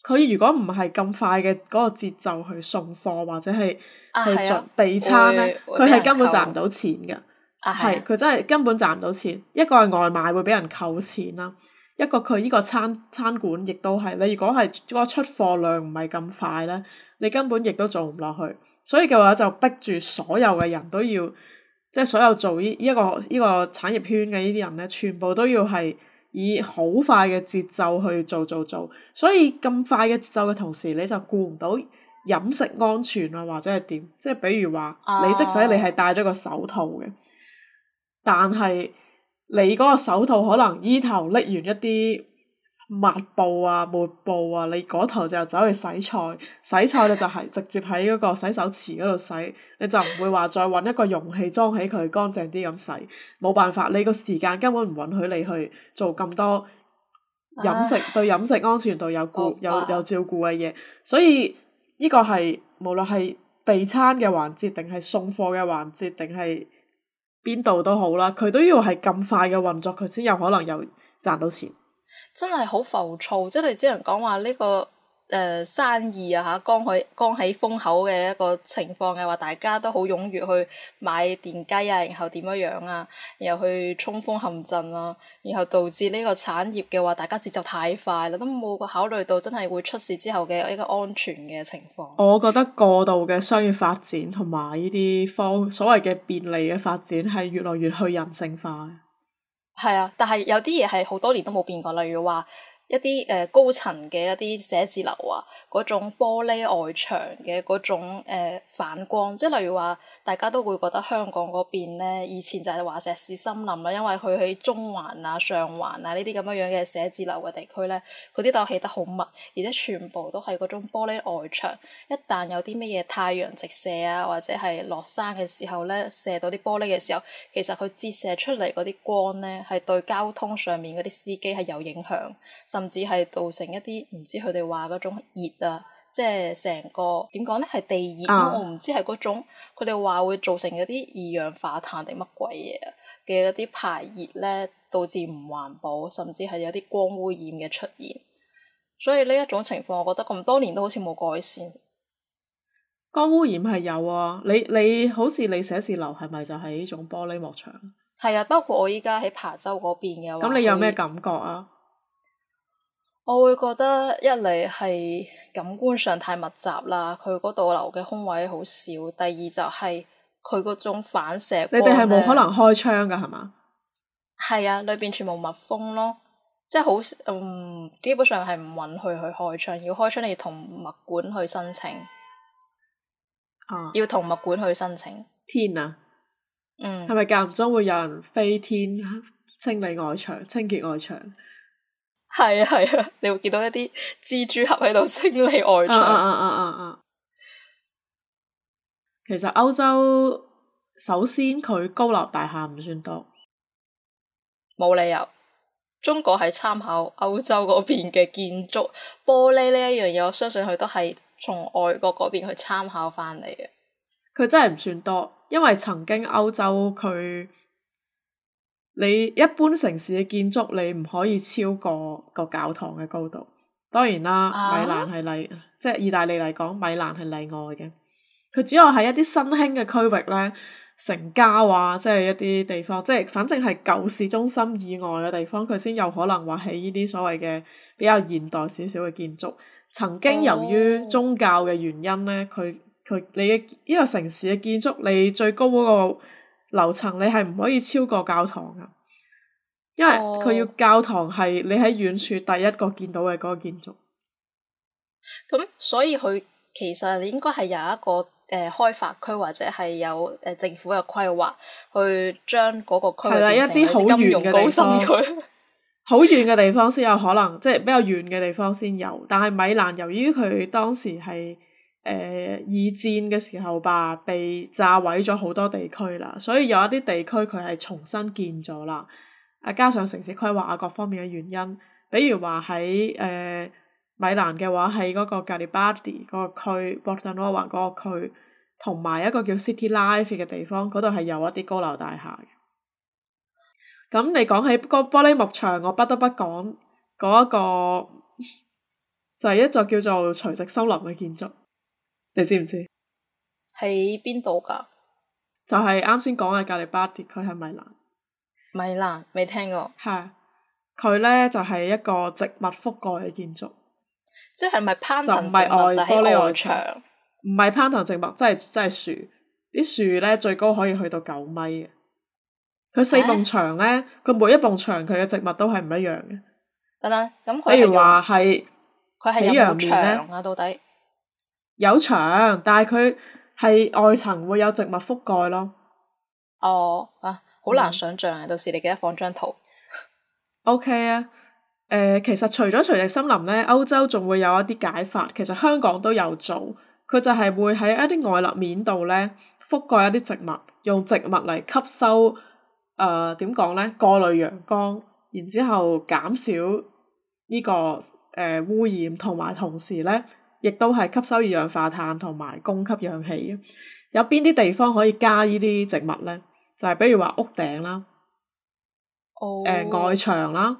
佢如果唔係咁快嘅嗰個節奏去送貨或者係去做備餐呢，佢係、啊啊、根本賺唔到錢㗎。係佢、啊啊、真係根本賺唔到錢。一個係外賣會俾人扣錢啦，一個佢呢個餐餐館亦都係。你如果係嗰個出貨量唔係咁快呢，你根本亦都做唔落去。所以嘅話就逼住所有嘅人都要，即、就、係、係、所有做呢一、呢個呢、呢個產業圈嘅呢啲人呢，全部都要係。以好快嘅節奏去做做做，所以咁快嘅節奏嘅同時，你就顧唔到飲食安全啊，或者係點？即係比如話，oh. 你即使你係戴咗個手套嘅，但係你嗰個手套可能呢頭拎完一啲。抹布啊，抹布啊，你嗰頭就走去洗菜，洗菜咧就係直接喺嗰個洗手池嗰度洗，你就唔會話再揾一個容器裝起佢乾淨啲咁洗，冇辦法，你個時間根本唔允許你去做咁多飲食、啊、對飲食安全度有顧怕有有照顧嘅嘢，所以呢、這個係無論係備餐嘅環節，定係送貨嘅環節，定係邊度都好啦，佢都要係咁快嘅運作，佢先有可能有賺到錢。真係好浮躁，即係只能講話呢個誒、呃、生意啊嚇，剛起剛起風口嘅一個情況嘅話，大家都好踴躍去買電機啊，然後點樣樣啊，然後去衝鋒陷陣啦、啊，然後導致呢個產業嘅話，大家節奏太快，你都冇考慮到真係會出事之後嘅一個安全嘅情況。我覺得過度嘅商業發展同埋呢啲方所謂嘅便利嘅發展係越來越去人性化。係啊，但係有啲嘢係好多年都冇變過例如話。一啲誒高層嘅一啲寫字樓啊，嗰種玻璃外牆嘅嗰種、呃、反光，即係例如話，大家都會覺得香港嗰邊咧，以前就係話石屎森林啦，因為佢喺中環啊、上環啊呢啲咁樣樣嘅寫字樓嘅地區咧，佢啲都起得好密，而且全部都係嗰種玻璃外牆，一旦有啲乜嘢太陽直射啊，或者係落山嘅時候咧，射到啲玻璃嘅時候，其實佢折射出嚟嗰啲光咧，係對交通上面嗰啲司機係有影響，甚甚至係造成一啲唔知佢哋話嗰種熱啊，即係成個點講咧，係地熱，啊。啊、我唔知係嗰種佢哋話會造成嘅啲二氧化碳定乜鬼嘢嘅嗰啲排熱咧，導致唔環保，甚至係有啲光污染嘅出現。所以呢一種情況，我覺得咁多年都好似冇改善。光污染係有啊，你你好似你寫字樓係咪就喺呢種玻璃幕牆？係啊，包括我依家喺琶洲嗰邊嘅話，咁你有咩感覺啊？我會覺得一嚟係感官上太密集啦，佢嗰度樓嘅空位好少。第二就係佢嗰種反射。你哋係冇可能開窗噶係嘛？係啊，裏邊全部密封咯，即係好嗯，基本上係唔允許去開窗。要開窗，你要同物管去申請。啊！要同物管去申請。天啊！嗯，係咪間唔中會有人飛天清理外牆、清潔外牆？係啊，係啊，你會見到一啲蜘蛛俠喺度清理外牆。嗯嗯嗯嗯嗯。其實歐洲首先佢高樓大廈唔算多，冇理由。中國係參考歐洲嗰邊嘅建築玻璃呢一樣嘢，我相信佢都係從外國嗰邊去參考翻嚟嘅。佢真係唔算多，因為曾經歐洲佢。你一般城市嘅建築，你唔可以超過個教堂嘅高度。當然啦、啊，米蘭係例，即係意大利嚟講，米蘭係例外嘅。佢主要喺一啲新興嘅區域呢，城郊啊，即係一啲地方，即係反正係舊市中心以外嘅地方，佢先有可能話起呢啲所謂嘅比較現代少少嘅建築。曾經由於宗教嘅原因呢，佢佢、哦、你呢個城市嘅建築，你最高嗰、那個。樓層你係唔可以超過教堂㗎，因為佢要教堂係你喺遠處第一個見到嘅嗰個建築。咁、哦、所以佢其實你應該係有一個誒、呃、開發區或者係有誒、呃、政府嘅規劃去將嗰個區係啦一啲好遠嘅地方，好 [LAUGHS] 遠嘅地方先有可能，即、就、係、是、比較遠嘅地方先有。但係米蘭由於佢當時係，二戰嘅時候吧，被炸毀咗好多地區啦，所以有一啲地區佢係重新建咗啦。加上城市規劃啊，各方面嘅原因，比如話喺誒米蘭嘅話，喺嗰個 Garibaldi 個區，Porta Nuova 嗰個區，同埋一個叫 City Life 嘅地方，嗰度係有一啲高樓大廈嘅。咁你講起個玻璃幕牆，我不得不講嗰、那、一個就係、是、一座叫做垂直森林嘅建築。你知唔知，喺邊度噶？就係啱先講嘅隔離巴鐵，佢係米蘭。米蘭未聽過。係，佢咧就係、是、一個植物覆蓋嘅建築，即係咪攀藤植物就唔係外玻璃外牆？唔係攀藤植、就是、植物，即係即係樹。啲樹咧最高可以去到九米嘅。佢四埲牆咧，佢、欸、每一埲牆佢嘅植物都係唔一樣嘅。欸、等等，咁譬如話係，佢係有冇牆啊？到底？有牆，但係佢係外層會有植物覆蓋咯。哦，啊，好難想象啊！嗯、到時你記得放張圖。O K 啊，誒，其實除咗垂直森林咧，歐洲仲會有一啲解法。其實香港都有做，佢就係會喺一啲外立面度咧覆蓋一啲植物，用植物嚟吸收誒，點講咧？過濾陽光，然後之後減少呢、這個誒、呃、污染，同埋同時咧。亦都係吸收二氧化碳同埋供給氧氣。有邊啲地方可以加呢啲植物呢？就係、是、比如話屋頂啦、oh. 呃，外牆啦，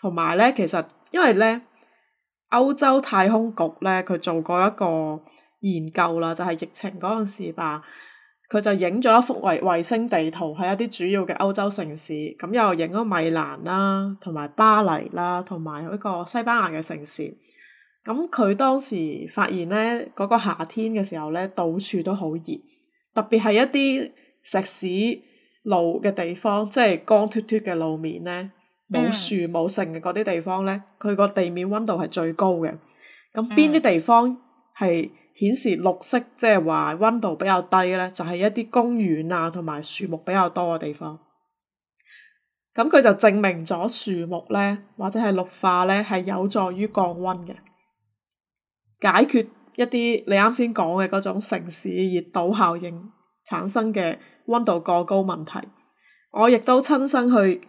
同埋呢。其實因為呢，歐洲太空局呢，佢做過一個研究啦，就係、是、疫情嗰陣時吧，佢就影咗一幅衛衛星地圖喺一啲主要嘅歐洲城市，咁又影咗米蘭啦，同埋巴黎啦，同埋一個西班牙嘅城市。咁佢當時發現咧，嗰個夏天嘅時候咧，到處都好熱，特別係一啲石屎路嘅地方，即係光脫脫嘅路面咧，冇樹冇剩嘅嗰啲地方咧，佢個地面溫度係最高嘅。咁邊啲地方係顯示綠色，即係話溫度比較低咧，就係一啲公園啊，同埋樹木比較多嘅地方。咁佢就證明咗樹木咧，或者係綠化咧，係有助於降溫嘅。解決一啲你啱先講嘅嗰種城市熱島效應產生嘅温度過高問題，我亦都親身去誒、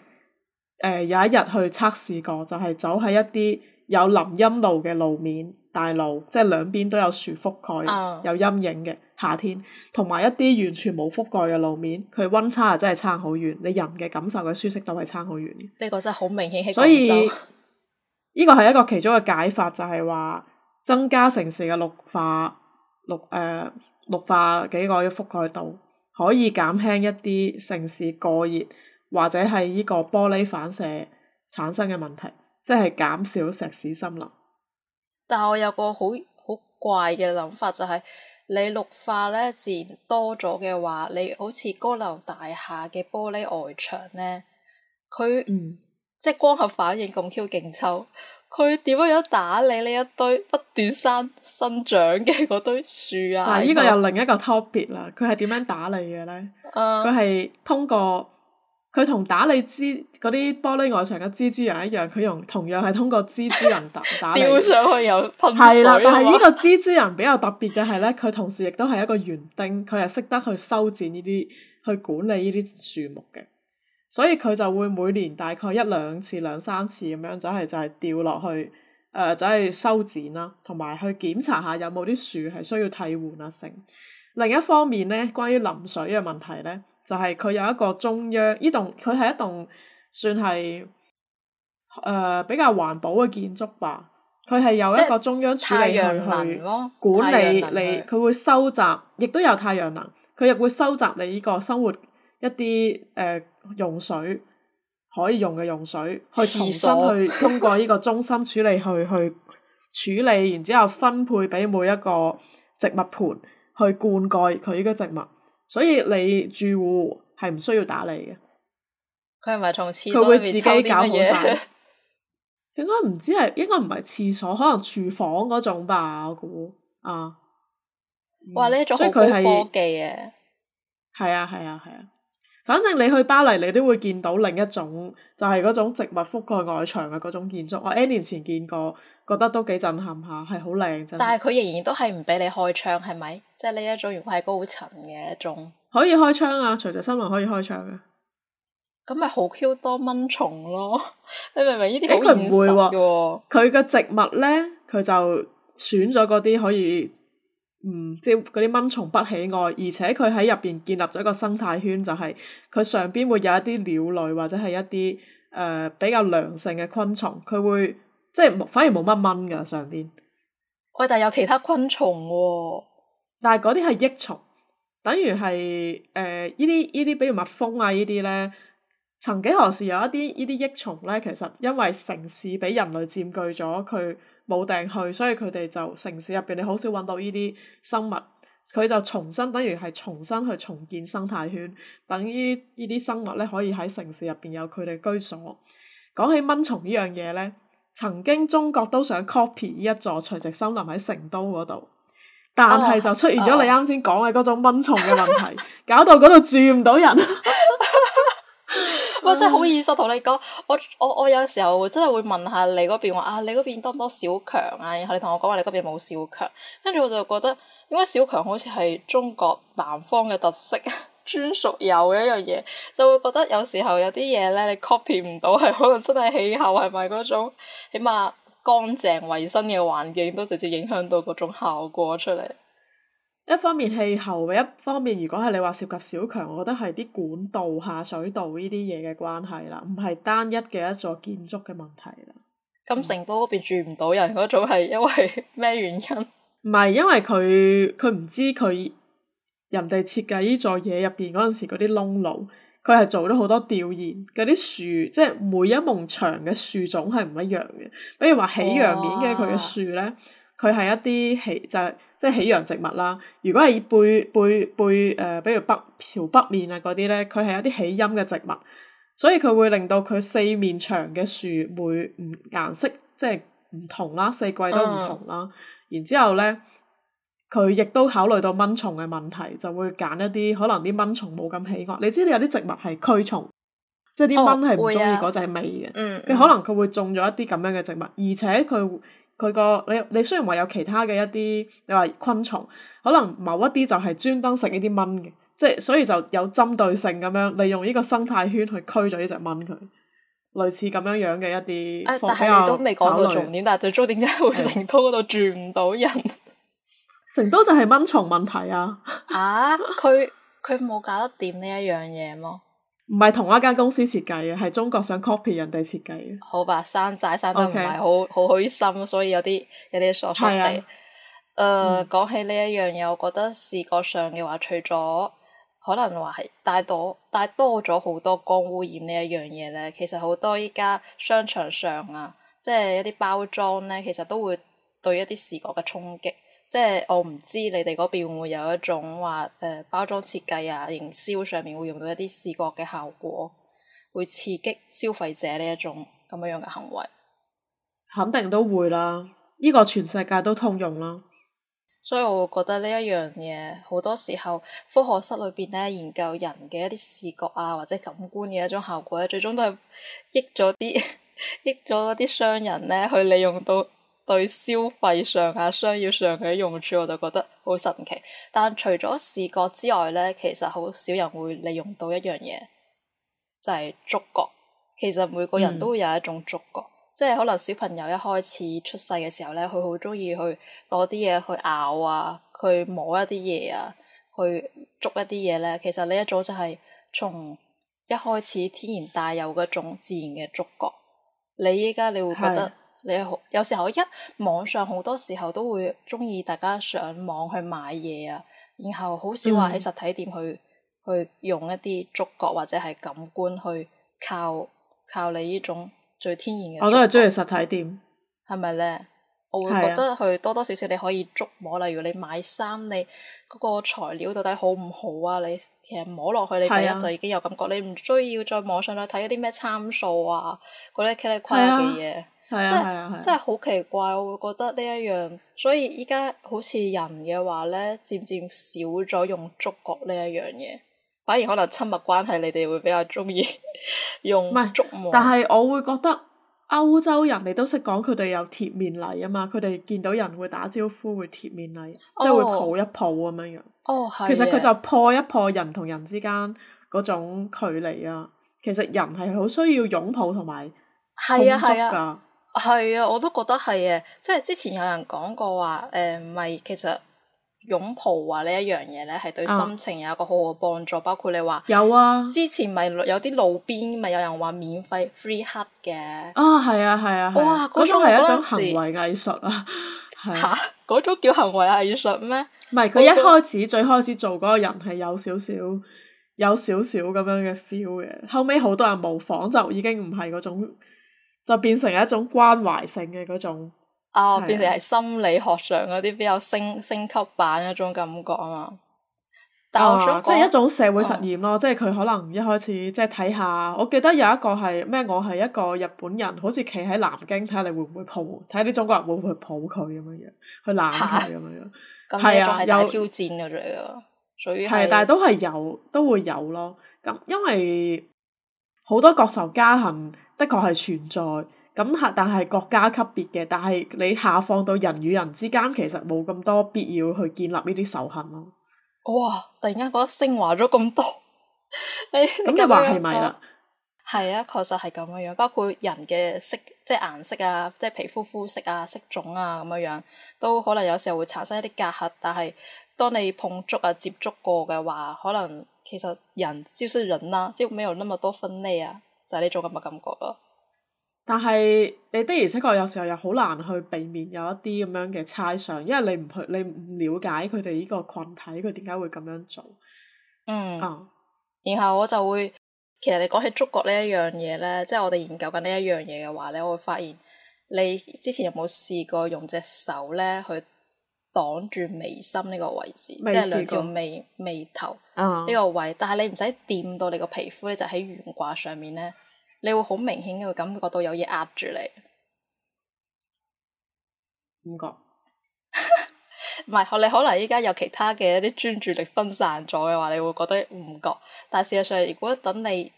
呃、有一日去測試過，就係、是、走喺一啲有林蔭路嘅路面大路，即係兩邊都有樹覆蓋，嗯、有陰影嘅夏天，同埋一啲完全冇覆蓋嘅路面，佢温差啊真係差好遠，你人嘅感受嘅舒適度係差好遠。呢個真係好明顯喺廣州。所以呢個係一個其中嘅解法，就係、是、話。增加城市嘅綠化，綠誒綠化幾個嘅覆蓋度，可以減輕一啲城市過熱或者係依個玻璃反射產生嘅問題，即係減少石屎森林。但係我有個好好怪嘅諗法，就係、是、你綠化咧自然多咗嘅話，你好似高樓大廈嘅玻璃外牆咧，佢唔、嗯、即係光合反應咁 Q 勁抽。佢點樣樣打理呢一堆不斷生生長嘅嗰堆樹啊？嗱，呢個又另一個 topic 啦。佢係點樣打理嘅呢？佢係、uh, 通過佢同打理蜘嗰啲玻璃外牆嘅蜘蛛人一樣，佢用同樣係通過蜘蛛人打打理。掉 [LAUGHS] 上去又噴水。係啦，但係呢個蜘蛛人比較特別嘅係呢，佢 [LAUGHS] 同時亦都係一個園丁，佢係識得去修剪呢啲，去管理呢啲樹木嘅。所以佢就會每年大概一兩次、兩三次咁樣、就是，就係就係掉落去，誒、呃，就係、是、修剪啦，同埋去檢查下有冇啲樹係需要替換啊。成另一方面呢，關於淋水嘅問題呢，就係、是、佢有一個中央呢棟，佢係一棟算係誒、呃、比較環保嘅建築吧。佢係有一個中央處理去太陽能去管理你，佢會收集，亦都有太陽能，佢亦會收集你呢個生活一啲誒。呃用水可以用嘅用水去重新去通過呢個中心處理去去處理，然之後分配俾每一個植物盤去灌溉佢呢個植物，所以你住戶係唔需要打理嘅。佢係咪從廁所？佢會自己搞好晒麼。應該唔知係應該唔係廁所，可能廚房嗰種吧。我估啊，嗯、哇！呢種好高科技嘅。所以佢係，係啊係啊係啊。反正你去巴黎，你都會見到另一種，就係、係、嗰種植物覆蓋外牆嘅嗰種建築。我 N 年前見過，覺得都幾震撼下，係好靚，但係佢仍然都係唔畀你開窗，係咪？即係呢一種，如果係高層嘅一種，可以開窗啊！隨隨新聞可以開窗嘅、啊，咁咪好 Q 多蚊蟲咯？你明唔明？呢啲誒佢唔會喎、啊，佢嘅植物咧，佢就選咗嗰啲可以。嗯，即係嗰啲蚊蟲不喜愛，而且佢喺入邊建立咗一個生態圈，就係、是、佢上邊會有一啲鳥類或者係一啲誒、呃、比較良性嘅昆蟲，佢會即係反而冇乜蚊㗎上邊。喂，但係有其他昆蟲喎、哦。但係嗰啲係益蟲，等於係誒呢啲呢啲，比如蜜蜂，蜂啊呢啲咧，曾幾何時有一啲呢啲益蟲咧，其實因為城市俾人類佔據咗佢。冇定去，所以佢哋就城市入邊，你好少揾到呢啲生物。佢就重新，等於係重新去重建生態圈，等呢呢啲生物咧可以喺城市入邊有佢哋居所。講起蚊蟲呢樣嘢咧，曾經中國都想 copy 呢一座垂直森林喺成都嗰度，但係就出現咗你啱先講嘅嗰種蚊蟲嘅問題，oh, oh. 搞到嗰度住唔到人。 [LAUGHS] 我真係好現實同你講，我我我有時候真係會問下你嗰邊話啊，你嗰邊多唔多小強啊？然後你同我講話你嗰邊冇小強，跟住我就覺得，因為小強好似係中國南方嘅特色，專屬有嘅一樣嘢，就會覺得有時候有啲嘢咧你 copy 唔到，係可能真係氣候係咪嗰種，起碼乾淨衞生嘅環境都直接影響到嗰種效果出嚟。一方面氣候，一方面如果係你話涉及小強，我覺得係啲管道、下水道呢啲嘢嘅關係啦，唔係單一嘅一座建築嘅問題啦。咁成都嗰邊住唔到人嗰種係因為咩原因？唔係因為佢佢唔知佢人哋設計呢座嘢入邊嗰陣時嗰啲窿路，佢係做咗好多調研。嗰啲樹即係每一矇牆嘅樹種係唔一樣嘅，比如話喜陽面嘅佢嘅樹咧，佢係哇一啲喜就係、是。即係喜陽植物啦。如果係背背背誒、呃，比如北朝北面啊嗰啲咧，佢係有啲喜陰嘅植物，所以佢會令到佢四面牆嘅樹會唔顏色即係唔同啦，四季都唔同啦。嗯、然之後咧，佢亦都考慮到蚊蟲嘅問題，就會揀一啲可能啲蚊蟲冇咁喜惡。你知你有啲植物係驅蟲，即係啲蚊係唔中意嗰陣味嘅。佢、哦啊嗯嗯、可能佢會種咗一啲咁樣嘅植物，而且佢。佢、嗰個你你雖然話有其他嘅一啲你話昆蟲，可能某一啲就係專登食呢啲蚊嘅。即係所以就有針對性咁樣利用呢個生態圈去驅咗呢隻蚊佢，類似咁樣樣嘅一啲。啊，但係你都未講到重點，但係最終點解會成都嗰度住唔到人？成都就係蚊蟲問題啊！ [LAUGHS] 啊，佢佢冇搞得掂呢一樣嘢囉？唔係同一間公司設計嘅，係中國想 copy 人哋設計嘅。好吧，山寨山得唔係好好開心，所以有啲有啲傻傻地。誒，講起呢一樣嘢，我覺得視覺上嘅話，除咗可能話係帶多帶多咗好多光污染呢一樣嘢咧，其實好多依家商場上啊，即係一啲包裝咧，其實都會對一啲視覺嘅衝擊。即係我唔知你哋嗰邊會唔會有一種話誒、呃、包裝設計啊、營銷上面會用到一啲視覺嘅效果，會刺激消費者呢一種咁樣樣嘅行為。肯定都會啦，呢、呢個全世界都通用啦。所以我會覺得呢一樣嘢好多時候，科學室裏邊咧研究人嘅一啲視覺啊或者感官嘅一種效果咧，最終都係益咗啲 [LAUGHS] 益咗啲商人咧去利用到。對消費上啊，商業上嘅用處，我就覺得好神奇。但除咗視覺之外咧，其實好少人會利用到一樣嘢，就係、是、觸覺。其實每個人都會有一種觸覺，嗯、即係可能小朋友一開始出世嘅時候咧，佢好中意去攞啲嘢去咬啊，去摸一啲嘢啊，去捉一啲嘢咧。其實呢一種就係從一開始天然帶有嗰種自然嘅觸覺。你依家你會覺得？你好有時候一網上好多時候都會中意大家上網去買嘢啊，然後好少話喺實體店去、嗯、去用一啲觸覺或者係感官去靠靠你呢種最天然嘅。我都係中意實體店，係咪咧？我會覺得佢多多少少你可以觸摸，例如你買衫，你嗰個材料到底好唔好啊？你其實摸落去，你第一就已經有感覺，你唔需要再網上度睇一啲咩參數啊，嗰啲騎呢騎呢嘅嘢。係啊，即係，即係，真係好奇怪，我會覺得呢一樣，所以依家好似人嘅話咧，漸漸少咗用觸覺呢一樣嘢，反而可能親密關係你哋會比較中意用觸摸。但係我會覺得歐洲人你都識講，佢哋有貼面禮啊嘛，佢哋見到人會打招呼，會貼面禮，哦、即係會抱一抱咁樣樣。哦，係啊。其實佢就破一破人同人之間嗰種距離啊。其實人係好需要擁抱同埋擁觸㗎。係啊，係啊。係啊，我都覺得係啊，即係之前有人講過話，唔、呃、咪其實擁抱啊呢一樣嘢咧，係對心情有一個好好嘅幫助。哦、包括你話有啊，之前咪有啲路邊咪有人話免費 free hug 嘅。哦、啊，係啊，係啊，哇！嗰種係一種行為藝術啊。嚇、 [LAUGHS] 啊？嗰 [LAUGHS] 種叫行為藝術咩？唔係佢一開始的最開始做嗰個人係有少少有少少咁樣嘅 feel 嘅，後尾好多人模仿就已經唔係嗰種。就變成一種關懷性嘅嗰種，啊，啊變成係心理學上嗰啲比較升升級版一種感覺啊嘛。但我想講，即係一種社會實驗咯，啊、即係佢可能一開始即係睇下，我記得有一個係咩，我係一個日本人，好似企喺南京睇下你會唔會抱，睇下啲中國人會唔會抱佢咁樣樣，去攬下咁樣樣。係啊，有、啊啊、挑戰嘅啫喎。所以係，但係都係有都會有咯。咁因為。好多國仇家恨的確係存在，咁吓但係國家級別嘅，但係你下放到人與人之間，其實冇咁多必要去建立呢啲仇恨咯。哇！突然間覺得升華咗咁多，咁 [LAUGHS] 你話係咪啦？係啊，確實係咁樣樣。包括人嘅色，即係顏色啊，即係皮膚膚色啊，色種啊咁樣樣，都可能有時候會產生一啲隔閡，但係。當你碰觸啊、接觸過嘅話，可能其實人就是人啦、啊，即係冇有那麼多分類啊，就係、是、呢種咁嘅感覺咯。但係你的而且確有時候又好難去避免有一啲咁樣嘅猜想，因為你唔去，你唔了解佢哋呢個群體佢點解會咁樣做。嗯。嗯然後我就會，其實你講起觸覺呢一樣嘢咧，即係我哋研究緊呢一樣嘢嘅話咧，我會發現你之前有冇試過用隻手咧去？擋住眉心呢個位置，即係兩條眉眉頭呢、uh huh. 個位，但係你唔使掂到你個皮膚咧，就喺懸掛上面咧，你會好明顯嘅感覺到有嘢壓住你。唔覺？唔係， [LAUGHS] 你可能依家有其他嘅一啲專注力分散咗嘅話，你會覺得唔覺。但係事實上，如果等你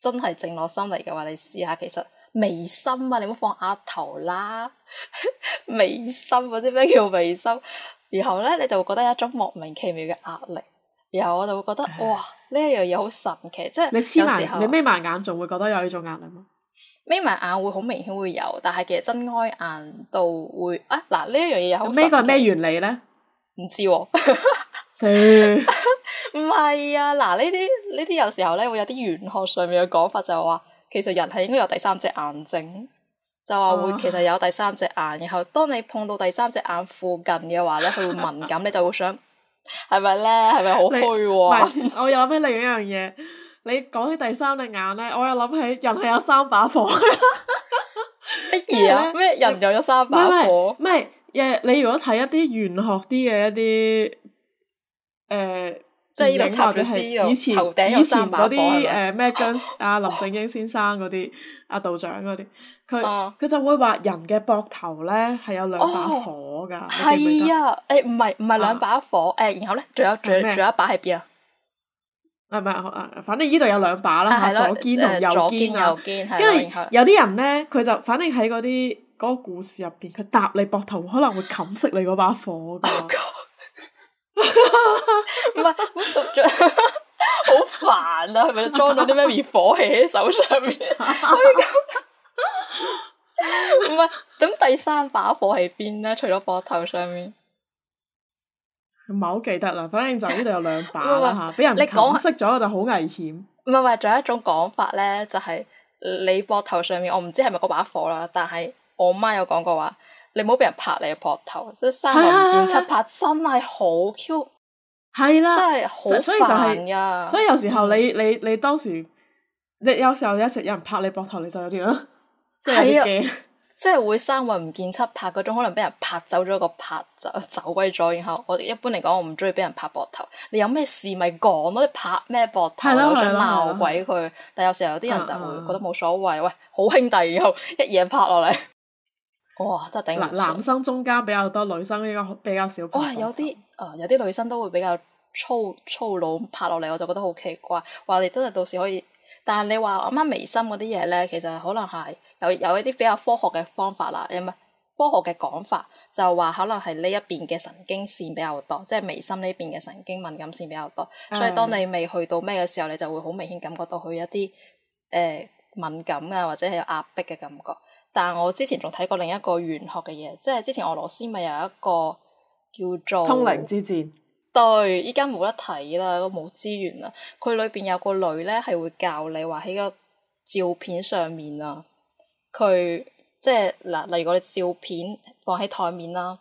真係靜落心嚟嘅話，你試下其實。眉心啊，你冇放額頭啦， [LAUGHS] 眉心嗰啲咩叫眉心？然後咧，你就會覺得有一種莫名其妙嘅壓力，然後我就會覺得、呃、哇，呢一樣嘢好神奇，即係有時候你眯埋眼仲會覺得有呢種壓力咩？眯埋眼會好明顯會有，但係其實睜開眼度會啊嗱，呢一樣嘢好神奇。咁係咩原理咧？唔知喎，唔係啊嗱，呢啲呢啲有時候咧會有啲玄學上面嘅講法就係、是、話。其實人係應該有第三隻眼睛，就話會其實有第三隻眼，啊、然後當你碰到第三隻眼附近嘅話咧，佢會敏感 [LAUGHS] 你就會想係咪咧？係咪好虛喎、喔？唔係，我又諗起另一樣嘢。你講起第三隻眼咧，我又諗起人係有三把火。乜嘢啊？咩 [LAUGHS] 人有咗三把火？唔係， [LAUGHS] 誒，你如果睇一啲玄學啲嘅一啲誒。呃頭頂或者係以前，以前嗰啲誒，咩姜啊，林正英先生嗰啲阿道長嗰啲，佢佢就會話人嘅膊頭咧係有兩把火㗎，你記唔記得？係啊，誒唔係唔係兩把火，誒然後咧，仲有仲有仲有一把係邊啊？唔係唔係，反正依度有兩把啦，左肩同右肩啊。跟住有啲人咧，佢就反正喺嗰啲嗰個故事入邊，佢搭你膊頭可能會冚熄你嗰把火㗎。唔係、 [LAUGHS] 嗯，好煩啊！係咪裝咗啲咩滅火器喺手上面？唔 [LAUGHS] 係，咁、嗯、第三把火喺邊呢？除咗膊頭上面，唔係好記得啦。反正就呢度有兩把啦吓，俾 [LAUGHS] 是人偷熄咗就好危險。唔係唔係，仲有一種講法咧，就係、是、你膊頭上面，我唔知係咪嗰把火啦。但係我媽有講過話。你唔好俾人拍你嘅膊頭，即係三魂唔見七拍，啊、真係好 Q，係啦，啊、真係好煩噶。所以就係啊。所以有時候你你你當時，你有時候一成有人拍你膊頭，你就有啲咯，啊、 [LAUGHS] 即係即係會三魂唔見七拍嗰種，可能俾人拍走咗個拍就走鬼咗。然後我一般嚟講，我唔中意俾人拍膊頭。你有咩事咪講咯，你拍咩膊頭？啊啊、我想鬧鬼佢。啊啊、但有時候有啲人就會覺得冇所謂，喂，好兄弟，然後一嘢拍落嚟。 [LAUGHS] 哇、哦！真係頂。男生中間比較多，女生呢個比較少，哇、哦！有啲啊、呃，有啲女生都會比較粗粗魯拍落嚟，我就覺得好奇怪。話你真係到時可以，但係你話啱啱眉心嗰啲嘢咧，其實可能係有有一啲比較科學嘅方法啦，誒唔係科學嘅講法，就話可能係呢一邊嘅神經線比較多，即係眉心呢邊嘅神經敏感線比較多，哎、所以當你未去到咩嘅時候，你就會好明顯感覺到佢有一啲誒、呃、敏感啊，或者係有壓迫嘅感覺。但我之前仲睇過另一個玄學嘅嘢，即係之前俄羅斯咪有一個叫做通靈之戰。對，依家冇得睇啦，都冇資源啦。佢裏邊有個女咧，係會教你話喺個照片上面啊，佢即係嗱，例如我哋照片放喺台面啦，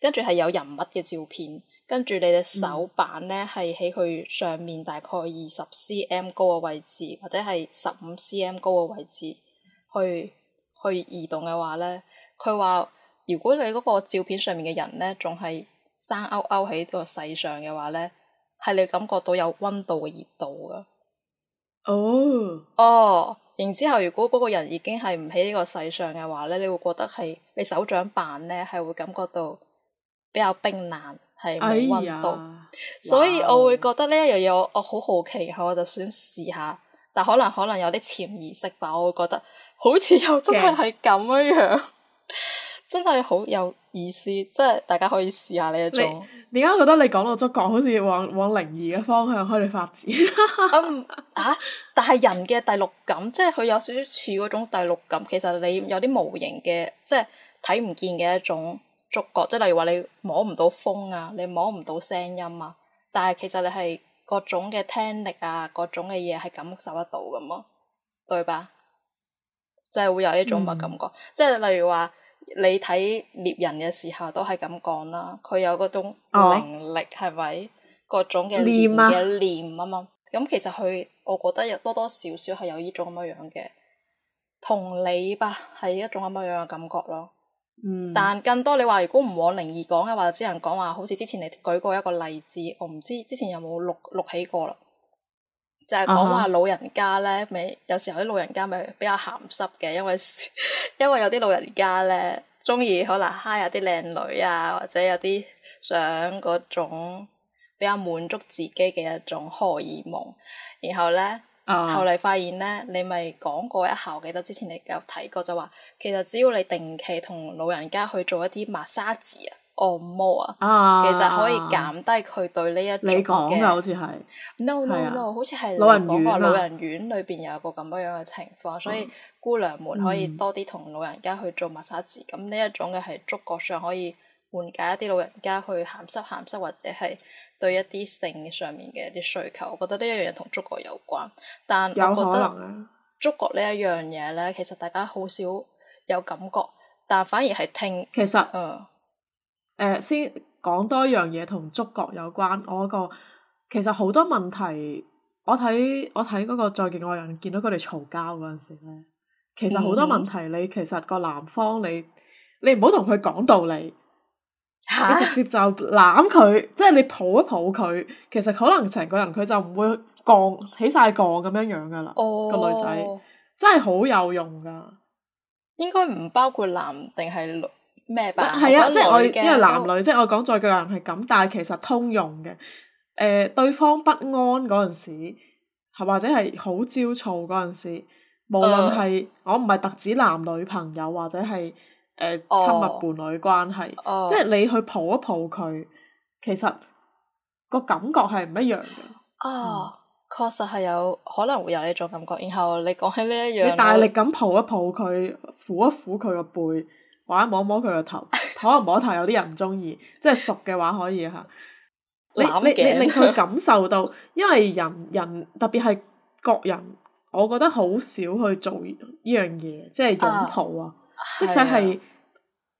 跟住係有人物嘅照片，跟住你隻手板咧係喺佢上面大概二十 cm 高嘅位置，或者係十五 cm 高嘅位置去。去移動嘅話咧，佢話如果你嗰個照片上面嘅人咧，仲係生勾勾喺呢個世上嘅話咧，係你感覺到有溫度嘅熱度㗎。哦。Oh. 哦，然之後如果嗰個人已經係唔喺呢個世上嘅話咧，你會覺得係你手掌板咧係會感覺到比較冰冷，係冇溫度。哎、所以我會覺得呢一樣嘢，我好好奇，我就想試下，但可能可能有啲潛意識吧，我會覺得。好似又真係係咁樣，怕 [LAUGHS] 真係好有意思，即係大家可以試下呢一種。點解我覺得你講到觸覺，好似往往靈異嘅方向開始發展？但係人嘅第六感，即係佢有少少似嗰種第六感。其實你有啲無形嘅，即係睇唔見嘅一種觸覺。即係例如話你摸唔到風啊，你摸唔到聲音啊。但係其實你係各種嘅聽力啊，各種嘅嘢係感受得到咁咯，對吧？即係會有呢種咁嘅感覺，嗯、即係例如話你睇獵人嘅時候都係咁講啦，佢有嗰種能力係咪、哦？各種嘅念嘅念啊嘛，咁、嗯、其實佢我覺得有多多少少係有呢種咁樣嘅同理吧，係一種咁樣嘅感覺咯。嗯。但更多你話如果唔往靈異講嘅話，或者啲人講話，好似之前你舉過一個例子，我唔知之前有冇錄錄起過啦。就係講話老人家咧，咪、uh huh. 有時候啲老人家咪比較鹹濕嘅，因為 [LAUGHS] 因為有啲老人家咧，中意可能嗨下啲靚女啊，或者有啲想嗰種比較滿足自己嘅一種荷爾蒙，然後咧、uh huh. 後嚟發現咧，你咪講過一下，我記得之前你有提過就話，其實只要你定期同老人家去做一啲抹砂紙啊。按摩啊，oh, ah, 其實可以減低佢對呢一種嘅，好似係 no no no、啊、好似係你講話老人院裏，啊、邊有個咁樣嘅情況，所以姑娘們可以多啲同老人家去做 massage，嗯、咁呢一種嘅係觸覺上可以緩解一啲老人家去鹹濕鹹濕，或者係對一啲性上面嘅一啲需求。我覺得呢一樣嘢同觸覺有關，但係我覺得觸覺呢一樣嘢咧，其實大家好少有感覺，但反而係聽其實啊。嗯。誒、呃、先講多樣嘢同觸覺有關，我、嗰個其實好多問題，我睇我睇嗰個再見愛人見到佢哋嘈交嗰陣時咧，其實好多問題、嗯、你其實個男方你你唔好同佢講道理，啊、你直接就攬佢，即係你抱一抱佢，其實可能成個人佢就唔會降起晒降咁樣樣噶啦，哦、個女仔真係好有用噶，應該唔包括男定係女。咩吧？係啊，即係我因為男女，都即係我講再句，人係咁，但係其實通用嘅。誒、呃，對方不安嗰陣時，係或者係好焦躁嗰陣時，無論係、嗯、我唔係特指男女朋友或者係誒親密伴侶關係，哦、即係你去抱一抱佢，其實個感覺係唔一樣嘅。啊、哦，確、嗯、實係有可能會有呢種感覺。然後你講起呢一樣，你大力咁抱一抱佢，撫一撫佢個背。玩摸摸佢個頭，可能摸頭有啲人唔中意， [LAUGHS] 即係熟嘅話可以吓。 [LAUGHS] 你你你令佢感受到，因為人人特別係各人，我覺得好少去做呢樣嘢，即係擁抱啊。即使係，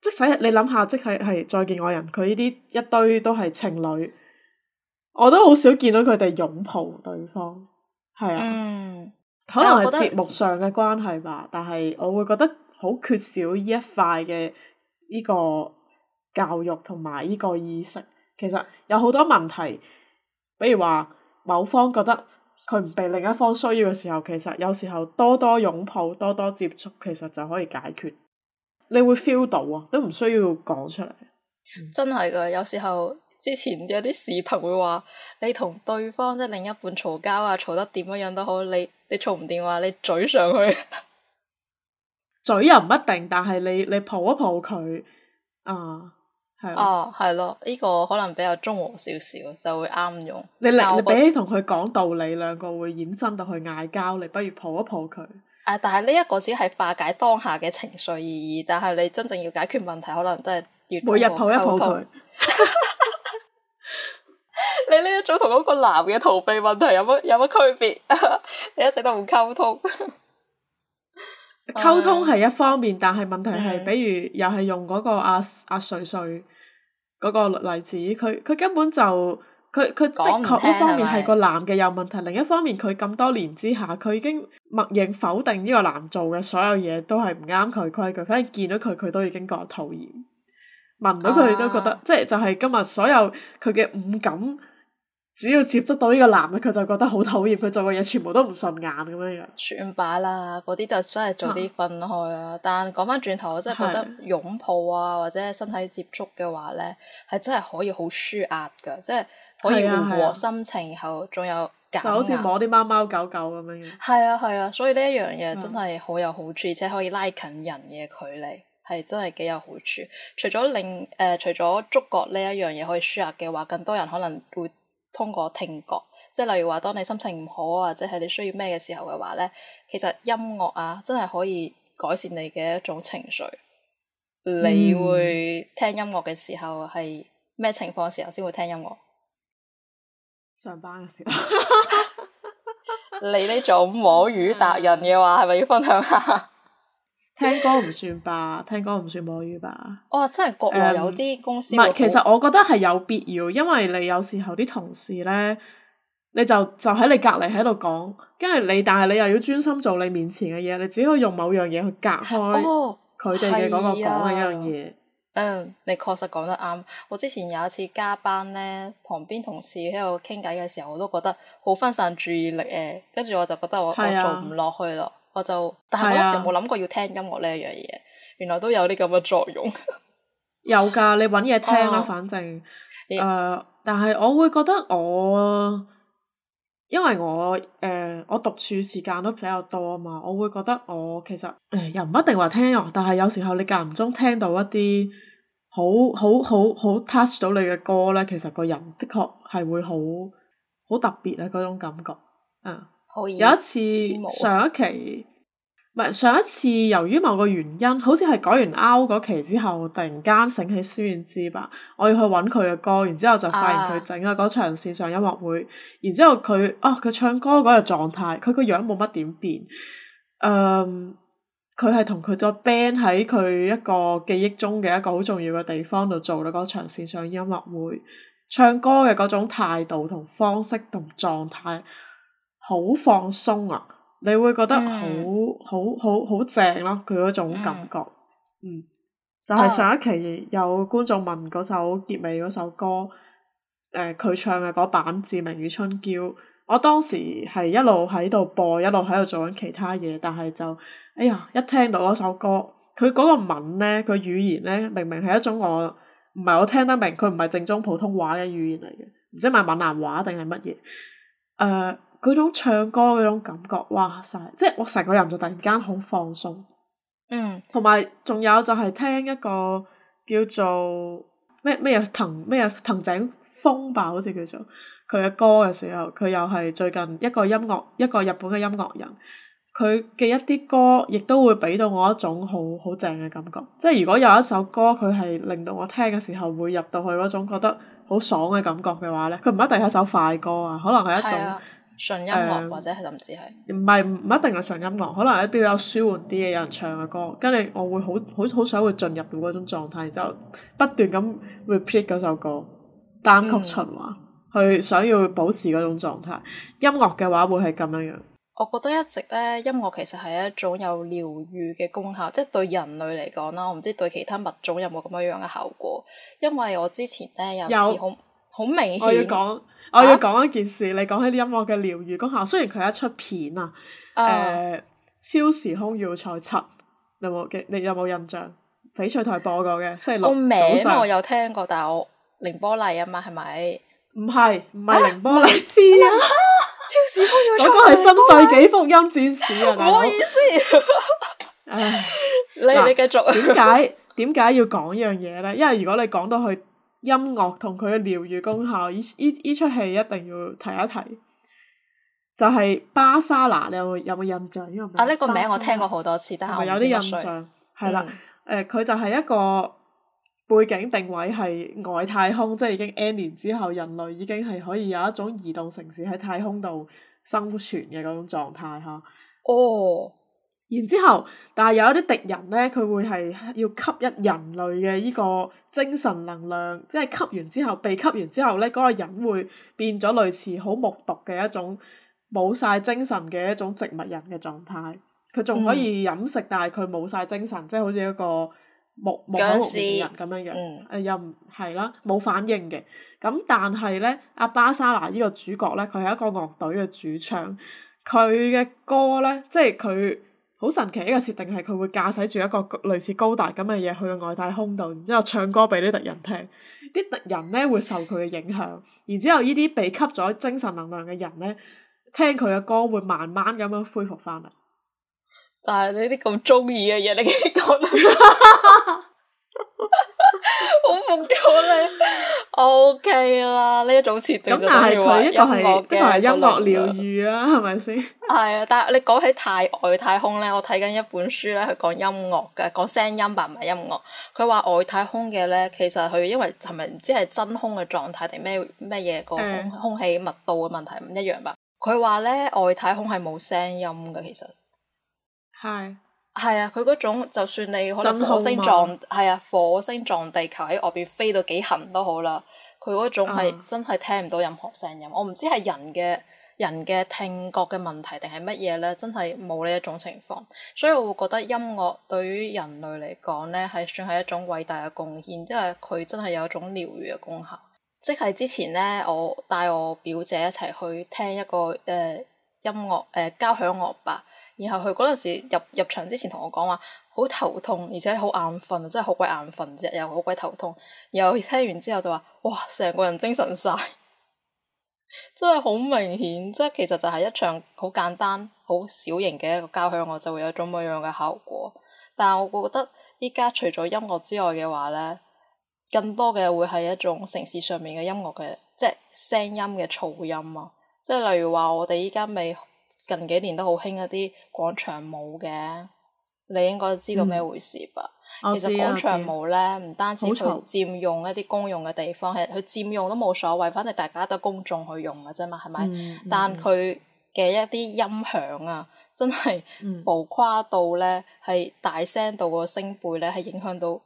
即使你諗下，即係係《再見愛人》，佢呢啲一堆都係情侶，我都好少見到佢哋擁抱對方。係啊，嗯、可能係節目上嘅關係吧。嗯、但係我會覺得。好缺少呢一塊嘅呢個教育同埋呢個意識，其實有好多問題，比如話某方覺得佢唔被另一方需要嘅時候，其實有時候多多擁抱、多多接觸，其實就可以解決。你會 feel 到啊，都唔需要講出嚟。真係㗎，有時候之前有啲視頻會話你同對方即係另一半嘈交啊，嘈得點樣樣都好，你你嘈唔掂話你嘴上去。 [LAUGHS] 嘴又唔一定，但係你你抱一抱佢，啊係啊係咯，呢個可能比較中和少少，就會啱用。你力你比起同佢講道理，兩個會衍生到去嗌交，你不如抱一抱佢。啊！但係呢一個只係化解當下嘅情緒而已，但係你真正要解決問題，可能真係要每日抱一抱佢。 [LAUGHS] [LAUGHS] 你呢一種同嗰個男嘅逃避問題有乜有乜區別？ [LAUGHS] 你一直都唔溝通。 [LAUGHS] 溝通係一方面，但係問題係，嗯、比如又係用嗰個阿阿瑞瑞嗰個例子，佢佢根本就佢佢的確一方面係個男嘅有問題，另一方面佢咁多年之下，佢已經默認否定呢個男做嘅所有嘢都係唔啱佢規矩，反正見到佢佢都已經覺得討厭，聞到佢都覺得，啊、即係就係今日所有佢嘅五感。只要接觸到呢個男嘅，佢就覺得好討厭，佢做嘅嘢全部都唔順眼咁樣樣。算吧啦，嗰啲就真係早啲分開啊。但講翻轉頭，我真係覺得擁抱啊，或者身體接觸嘅話咧，係的真係可以好舒壓噶，即係可以緩和心情，然後仲有減壓。就好似摸啲貓貓狗狗咁樣樣。係啊係啊，所以呢一樣嘢真係好有好處，嗯、而且可以拉近人嘅距離，係真係幾有好處。除咗令誒，除咗觸覺呢一樣嘢可以舒壓嘅話，更多人可能會。通過聽覺，即係例如話，當你心情唔好或者係你需要咩嘅時候嘅話咧，其實音樂啊，真係可以改善你嘅一種情緒。你會聽音樂嘅時候係咩情況嘅時候先會聽音樂？上班嘅時候。你呢種摸魚達人嘅話，係咪要分享下？聽歌唔算吧，聽歌唔算摸魚吧。哇、哦！真係國外有啲公司。唔係、嗯，其實我覺得係有必要，因為你有時候啲同事咧，你就就喺你隔籬喺度講，跟住你，但係你又要專心做你面前嘅嘢，你只可以用某樣嘢去隔開佢哋嘅嗰個講嘅一樣嘢、啊。嗯，你確實講得啱。我之前有一次加班咧，旁邊同事喺度傾偈嘅時候，我都覺得好分散注意力誒，跟住我就覺得我、啊、我做唔落去咯。我就，但係我陣時冇諗過要聽音樂呢一樣嘢，原來都有啲咁嘅作用。 [LAUGHS] 有噶，你揾嘢聽啦，oh. 反正。誒 You、呃，但係我會覺得我，因為我誒、呃、我獨處時間都比較多啊嘛，我會覺得我其實誒、呃、又唔一定話聽音樂，但係有時候你間唔中聽到一啲好好好好 touch 到你嘅歌咧，其實個人的確係會好好特別啊嗰種感覺，嗯。有一次有上一期，唔係上一次，由於某個原因，好似係改完 out 嗰期之後，突然間醒起孫燕姿吧，我要去揾佢嘅歌，然之後就發現佢整咗嗰場線上音樂會，啊、然之後佢啊佢唱歌嗰個狀態，佢個樣冇乜點變，嗯，佢係同佢個 band 喺佢一個記憶中嘅一個好重要嘅地方度做咗嗰場線上音樂會，唱歌嘅嗰種態度同方式同狀態。好放鬆啊！你會覺得 Yeah. 好好好好正咯，佢嗰種感覺，Yeah. 嗯，就係、是、上一期有觀眾問嗰首結尾嗰首歌，佢、呃、唱嘅嗰版《志明與春嬌》，我當時係一路喺度播，一路喺度做緊其他嘢，但係就，哎呀，一聽到嗰首歌，佢嗰個文呢，佢語言呢，明明係一種我唔係好聽得明，佢唔係正宗普通話嘅語言嚟嘅，唔知咪閩南話定係乜嘢，呃嗰種唱歌嗰種感覺，哇晒，即係我成個人就突然間好放鬆。嗯，同埋仲有就係聽一個叫做咩咩藤咩藤井風吧，好似叫做佢嘅歌嘅時候，佢又係最近一個音樂一個日本嘅音樂人，佢嘅一啲歌亦都會俾到我一種好好正嘅感覺。即係如果有一首歌佢係令到我聽嘅時候會入到去嗰種覺得好爽嘅感覺嘅話咧，佢唔一定係一首快歌啊，可能係一種。純音樂或者甚至係唔係，唔一定係純音樂，可能係一啲比較舒緩啲嘅有人唱嘅歌，跟住、嗯、我會好好好想會進入到嗰種狀態，就不斷咁 repeat 嗰首歌，單曲循環，嗯、去想要保持嗰種狀態。音樂嘅話會係咁樣樣。我覺得一直咧音樂其實係一種有療愈嘅功效，即係對人類嚟講啦，我唔知對其他物種有冇咁樣樣嘅效果。因為我之前咧有次好有 有。好明顯，我要講、啊、我要講一件事。你講起啲音樂嘅療愈功效，雖然佢一出片啊，誒、欸，超時空要塞七，有冇嘅？你有冇印象？翡翠台播過嘅，星期六早上我，我有聽過，但我凌波麗啊嘛，係咪？唔係唔係凌波麗、啊，知、啊，黐線！超時空要塞嗰個係新世紀福音戰士啊，大唔 [LAUGHS] 好意思， [LAUGHS] 唉，嗱你，你繼續。點解點解要講呢樣嘢咧？因為如果你講到去。音樂同佢嘅療愈功效，呢依出戲一定要提一提，就係《巴沙拿》。你有冇印象？因為名。啊！呢個名我聽過好多次，但係我有啲印象。係啦、嗯，佢、呃、就係一個背景定位係外太空，即係已經 N 年之後，人類已經係可以有一種移動城市喺太空度生存嘅嗰種狀態嚇。哦。Oh. 然之後，但係有一啲敵人咧，佢會係要吸一人類嘅依個精神能量，即係吸完之後，被吸完之後咧，嗰、那個人會變咗類似好木獨嘅一種冇晒精神嘅一種植物人嘅狀態。佢仲可以飲食，嗯、但係佢冇晒精神，即係好似一個木木口木面嘅人咁樣樣。誒、嗯、又唔係啦，冇反應嘅。咁但係咧，阿巴沙娜呢個主角咧，佢係一個樂隊嘅主唱，佢嘅歌咧，即係佢。好神奇，呢個設定係佢會駕駛住一個類似高達咁嘅嘢去到外太空度，然之後唱歌畀啲敵人聽，啲敵人咧會受佢嘅影響，然之後呢啲被吸咗精神能量嘅人咧，聽佢嘅歌會慢慢咁樣恢復翻嚟。但係你啲咁鍾意嘅嘢，你幾講？ [LAUGHS] [LAUGHS] [LAUGHS] 好服咗你，O K 啦。呢、okay、一種設定咁，但係佢一個係一個係音樂療愈啊，係咪先？係啊，但係你講起太外太空咧，我睇緊一本書咧，佢講音樂嘅，講聲音吧唔係音樂。佢話外太空嘅咧，其實佢因為尋日唔知係真空嘅狀態定咩咩嘢個空氣、嗯、密度嘅問題唔一樣吧？佢話咧外太空係冇聲音嘅，其實係。係啊，佢嗰種就算你可能火星撞，係啊，火星撞地球喺外邊飛到幾行都好啦，佢嗰種係真係聽唔到任何聲音。嗯、我唔知係人嘅人嘅聽覺嘅問題定係乜嘢咧，真係冇呢一種情況。所以我會覺得音樂對於人類嚟講咧，係算係一種偉大嘅貢獻，因為佢真係有一種療愈嘅功效。即係之前咧，我帶我表姐一齊去聽一個誒、呃、音樂誒、呃、交響樂吧。然後佢嗰陣時入入場之前同我講話，好頭痛，而且好眼瞓，真係好鬼眼瞓，只又好鬼頭痛。然後聽完之後就話，哇，成個人精神晒，真係好明顯。即係其實就係一場好簡單、好小型嘅一個交響樂，就會有種咁樣嘅效果。但係我覺得而家除咗音樂之外嘅話咧，更多嘅會係一種城市上面嘅音樂嘅，即係聲音嘅噪音啊。即係例如話我哋而家未。近幾年都好興一啲廣場舞嘅，你應該知道咩回事吧？嗯、其實廣場舞咧，唔單止佢佔用一啲公用嘅地方，係佢醜佔用都冇所謂，反正大家都係公眾去用嘅啫嘛，係咪？嗯嗯、但佢嘅一啲音響啊，真係浮誇到咧，係、嗯、大聲到個聲貝咧，係影響到。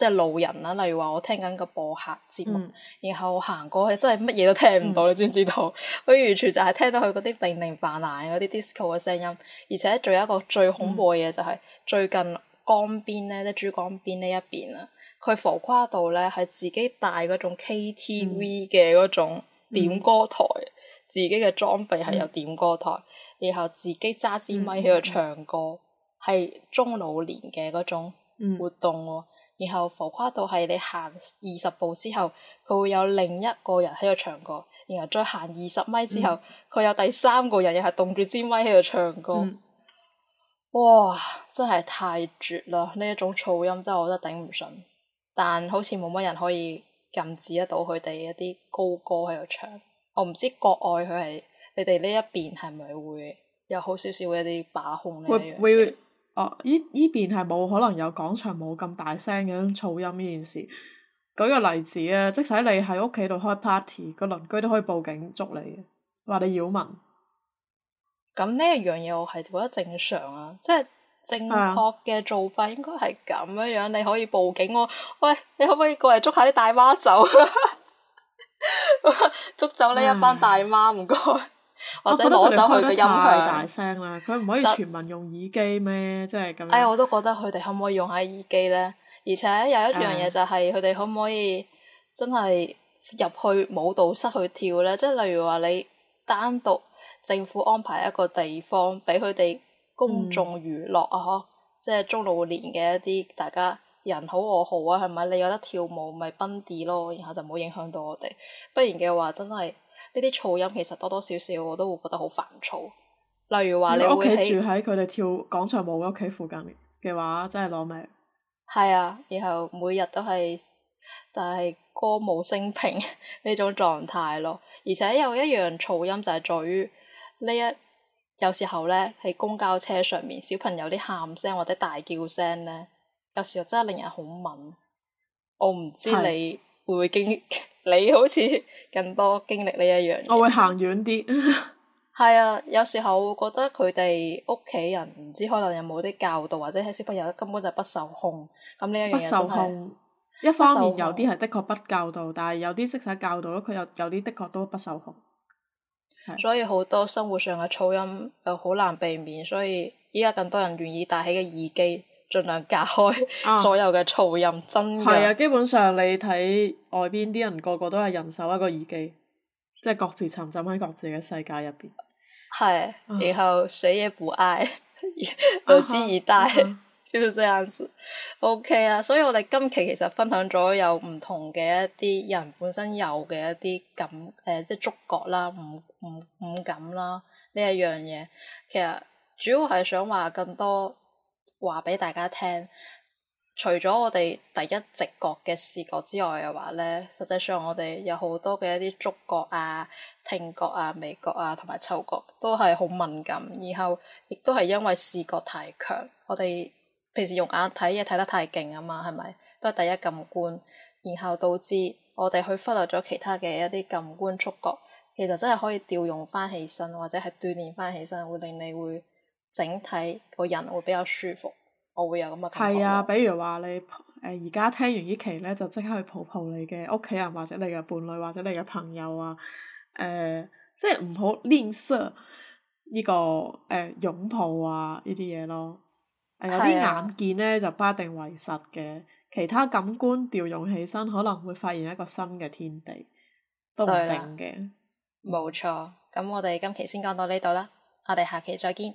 即係路人啦，例如話我聽緊個播客節目，嗯、然後行過去，真係乜嘢都聽唔到，嗯、你知唔知道？佢 [LAUGHS] 完全就係聽到佢嗰啲零零扮爛嗰啲 disco 嘅聲音，而且仲有一個最恐怖嘅嘢、嗯、就係最近江邊咧，即珠江邊呢一邊啊，佢浮誇到咧係自己帶嗰種 KTV 嘅嗰種點歌台，嗯、自己嘅裝備係有點歌台，然後自己揸支咪喺度唱歌，係、嗯嗯嗯嗯嗯嗯、中老年嘅嗰種活動喎。然後浮誇到係你行二十步之後，佢會有另一個人喺度唱歌，然後再行二十米之後，佢、嗯、有第三個人又係動住支咪喺度唱歌。嗯、哇！真係太絕啦！呢一種噪音真係我覺得頂唔順，但好似冇乜人可以禁止得到佢哋一啲高歌喺度唱。我唔知國外佢係你哋呢一邊係咪會有好少少一啲把控呢？依依邊係冇可能有廣場舞咁大聲嘅噪音呢件事。舉個例子啊，即使你喺屋企度開 party，個鄰居都可以報警捉你，話你擾民。咁呢樣嘢我係覺得正常啊，即係正確嘅做法應該係咁樣樣，啊、你可以報警喎、啊。喂，你可唔可以過嚟捉下啲大媽走？ [LAUGHS] 捉走呢一班大媽，唔該、啊。或者攞走佢嘅音係、啊、大聲啦，佢唔可以全民用耳機咩？即係咁。哎，我都覺得佢哋可唔可以用下耳機咧？而且有一樣嘢就係佢哋可唔可以真係入去舞蹈室去跳咧？即係例如話你單獨政府安排一個地方俾佢哋公眾娛樂、嗯、啊！呵，即係中老年嘅一啲大家人好我好啊，係咪？你有得跳舞咪蹦迪咯，然後就冇影響到我哋。不然嘅話真係～呢啲噪音其實多多少少我都會覺得好煩躁。例如話，你屋企住喺佢哋跳廣場舞嘅屋企附近嘅話，真係攞命。係啊，然後每日都係，但係歌舞升平呢種狀態咯。而且有一樣噪音就係在於呢一有時候咧，喺公交車上面小朋友啲喊聲或者大叫聲咧，有時候真係令人好憤。我唔知你會唔會經。你好似更多經歷呢一樣，我會行遠啲。係 [LAUGHS] 啊，有時候會覺得佢哋屋企人唔知可能有冇啲教導，或者係小朋友根本就不受控。咁、嗯、呢一樣嘢不受控。一方面有啲係的確不教導，但係有啲識曬教導咯。佢有有啲的確都不受控。所以好多生活上嘅噪音又好難避免，所以依家更多人願意戴起個耳機。盡量隔開所有嘅噪音，啊、真係的啊！基本上你睇外邊啲人個個都係人手一個耳機，即係各自沉浸喺各自嘅世界入邊。係的，啊、然後死嘢唔嗌，有 [LAUGHS] 志以待，就、啊、 [LAUGHS] 是，是這樣子。O、okay、K 啊，所以我哋今期其實分享咗有唔同嘅一啲人本身有嘅一啲感，誒、呃，即係觸覺啦，五五五感啦呢一樣嘢。其實主要係想話更多。話畀大家聽，除咗我哋第一直覺嘅視覺之外嘅話咧，實際上我哋有好多嘅一啲觸覺啊、聽覺啊、味覺啊同埋嗅覺都係好敏感。然後亦都係因為視覺太強，我哋平時用眼睇嘢睇得太勁啊嘛，係咪？都係第一感官，然後導致我哋去忽略咗其他嘅一啲感官觸覺。其實真係可以調用返起身，或者係鍛鍊返起身，會令你會。整體個人會比較舒服，我會有咁嘅感覺。係啊，比如話你誒，而、呃、家聽完呢期咧，就即刻去抱抱你嘅屋企人，或者你嘅伴侶，或者你嘅朋友啊。誒、呃，即係唔好吝嗇呢個誒、呃、擁抱啊，呢啲嘢咯。誒、呃，有啲眼見咧、啊、就不一定為實嘅，其他感官調用起身，可能會發現一個新嘅天地。都唔定嘅。對啦。冇錯，咁我哋今期先講到呢度啦，我哋下期再見。